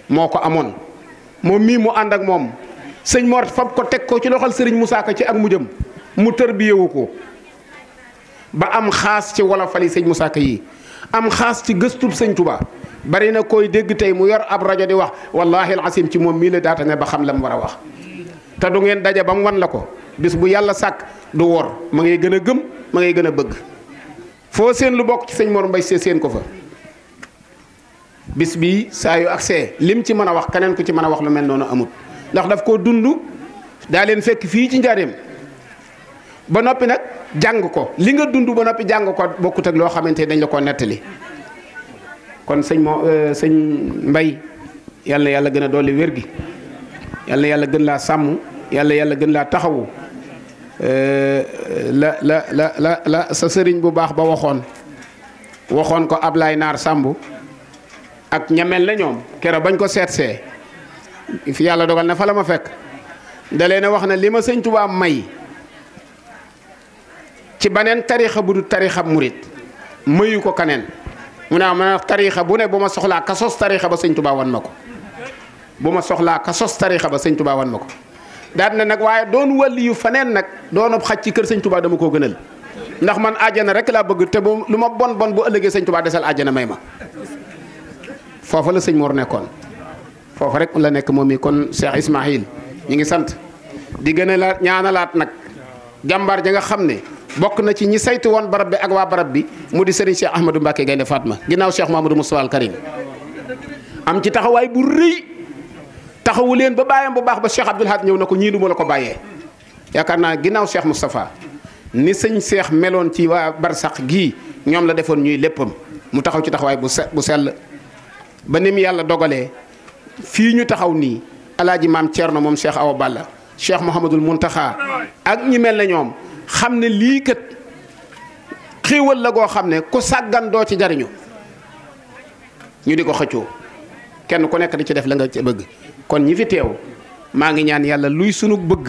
moo ko amoon moom mii mu ànd ak moom sëñ Mor fab ko teg ko ci loxol sëriñ Moussa Ka ci ak mujjam mu tërbiyewu ko ba am xaas ci wolofali sëñ Moussa Ka yi am xaas ci gëstu sëñ Touba. bari na koy dégg tey mu yor ab rajo di wax wallaahi alasim ci moom mii la daata ne ba xam la mu war a wax te du ngeen daje ba mu wan la ko bis bu yàlla sàkk du wor ma ngay gën a gëm ma ngay gën a bëgg foo seen lu bokk ci sëñ Mor Mbay see seen ko fa bis bii saa yu agsee lim ci mën a wax keneen ku ci mën a wax lu mel noonu amut ndax daf koo dund daa leen fekk fii ci njaareem ba noppi nag jàng ko li nga dund ba noppi jàng ko bokkut loo xamante dañ la koo nettali kon sëñ moo euh, sëñ mbay yàlla yàlla gën a dolli wér gi yàlla yàlla gën laa sàmm yàlla yàlla gën laa taxawu euh, la la la la la sa sëriñ bu baax ba waxoon waxoon ko ab Ablaye Naar sàmbu ak ñamel na ñoom kero bañ ko seetse fi yàlla dogal na fa la ma fekk da leen a wax na li ma sëñ Tuubaa may ci beneen tarixa bu du tarixa murit mayu ko kaneen mu ne ah, ma tariixa bu ne bu ma soxlaa ka sos tariixa ba sëñ Tuubaa wan ma ko bu ma soxlaa ka sos tariixa ba sëñ Tuubaa wan ma ko daan na nag waaye doon wàlli yu faneen nag doonub xaj ci kër sëñ Tuubaa dama koo gënal ndax man àjjana rek laa bëgg te bu lu ma bon bon bu ëllëgee sëñ Tuubaa desal àjjana may ma foofa la sëñ Mor nekkoon foofa rek la nekk moom i kon Cheikh Ismaïl ñu ngi sant di gën a la ñaanalaat nag jàmbaar ja xam ne bokk na ci ñi saytu woon barab bi ak waa barab bi mu di sëriñ Cheikh Ahmadou Mbacke Gaynde Fatma ginnaaw Cheikh Mamadou Moustapha al Karim am ci taxawaay bu rëy taxawu leen ba bàyyam bu baax ba Cheikh Abdoul Ahad ñëw na ko ñii du ma la ko bàyyee yaakaar naa ginnaaw Cheikh Moustapha ni sëñ Cheikh meloon ci waa barsax gii ñoom la defoon ñuy léppam mu taxaw ci taxawaay bu se bu sell ba ni yàlla dogalee fii ñu taxaw nii alaaji maam na moom Cheikh Awa Balla Cheikh Mouhamadul Mountakha ak ñi mel ne ñoom. xam ne lii kat xéewal la goo xam ne ku sàggan doo ci jariñu ñu di ko xëccoo kenn ku nekk di ci def la nga ci bëgg kon ñi fi teew maa ngi ñaan yàlla luy sunu bëgg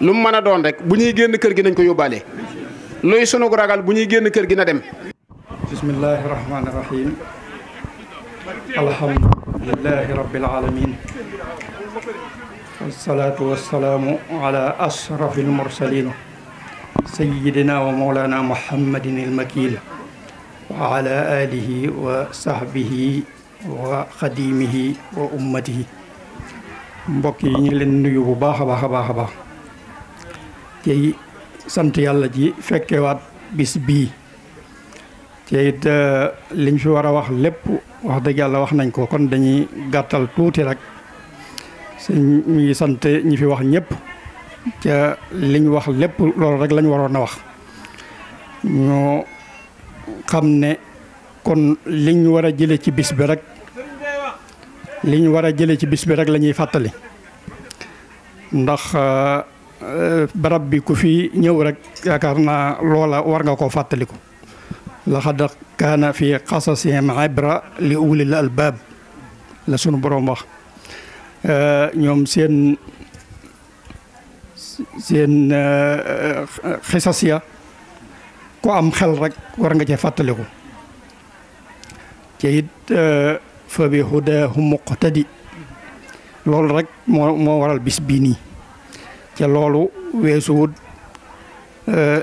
lu mën a doon rek bu ñuy génn kër gi nañ ko yóbbaale luy sunu ragal bu ñuy génn kër gi na dem
bismillahi rahmaani rahim alhamdulillahi rabbil alamin wasalaatu wasalaamu ala ashrafil mursalin sayyidina wa mawlana muhammadin al-makiin wa ala alihi wa sahbihi wa xadimihi wa ummatihi mbokk yi ñu leen nuyu bu baax a baax a baax a baax tey sant yàlla ji fekkewaat bis bii te it euh, liñ fi war a wax lépp wax dëgg yàlla wax nañ ko kon dañuy gàttal tuuti rek suñ ñuy sant ñi fi wax ñëpp ca li ñu wax lépp loolu rek lañu waroon a wax ñoo xam ne kon liñ war a jële ci bis bi rek li ñu war a jële ci bis bi rek lañuy fàttali ndax euh, barab bi ku fi ñëw rek yaakaar naa loola war nga koo fàttaliku laxad kaana fi qasasihim ibra li ulil albaab la sunu boroom wax euh, ñoom seen seen eh, eh, xisas ya ku am xel rek warnga nga cee fàttaliku ci it eh, fa bi hudaahum loolu rek moo moo waral bis bii nii ca loolu weesuwut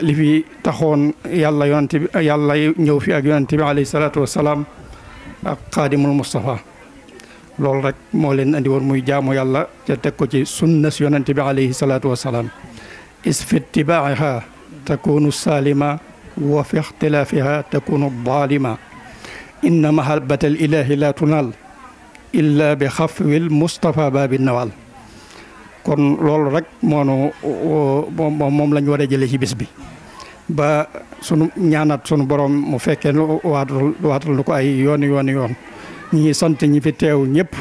li fi taxoon yàlla yonante bi yàlla ñëw fi ak yonante bi alayhi salaatu wasalaam ak xaadimul Mustafa loolu rek moo leen andi woon muy jaamu yàlla te teg ko ci sunna si yonente bi alayhi salaatu wasalaam is fi itibaaha takunu saalima wa fi ixtilaafiha takunu daalima inna mahabbata al ilahi tunaal illa bi xafwil mustapha babi nawal kon loolu rek moonu moom lañu war a jëlee ci bi ba sunu ñaanat sunu borom mu fekkee waatal waatal nu ko ay yoon yoon yoon ñi ngi sant ñi fi teew ñëpp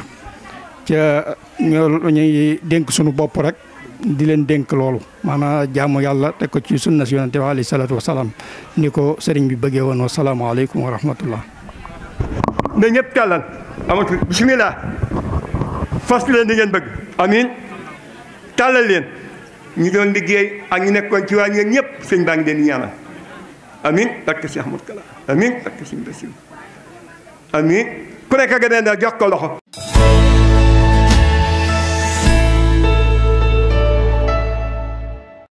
ca ñoo ñu dénk sunu bopp rek di leen dénk loolu maanaam jaamu yàlla teg ko ci sunna si yonente bi alayhi salaatu wasalaam ni ko sëriñ bi bëggee woon wasalaamaaleykum wa rahmatullah na ñëpp tàllal amatul bisimilah bëgg amin tàllal leen ñu doon liggéey ak ñu nekkoon ci waa ñeen ñëpp sëñ baa ngi leen di ñaanal amin barke si Ahmad Kala amin barke si Mbasir amin ku nekk nga ne jox ko loxo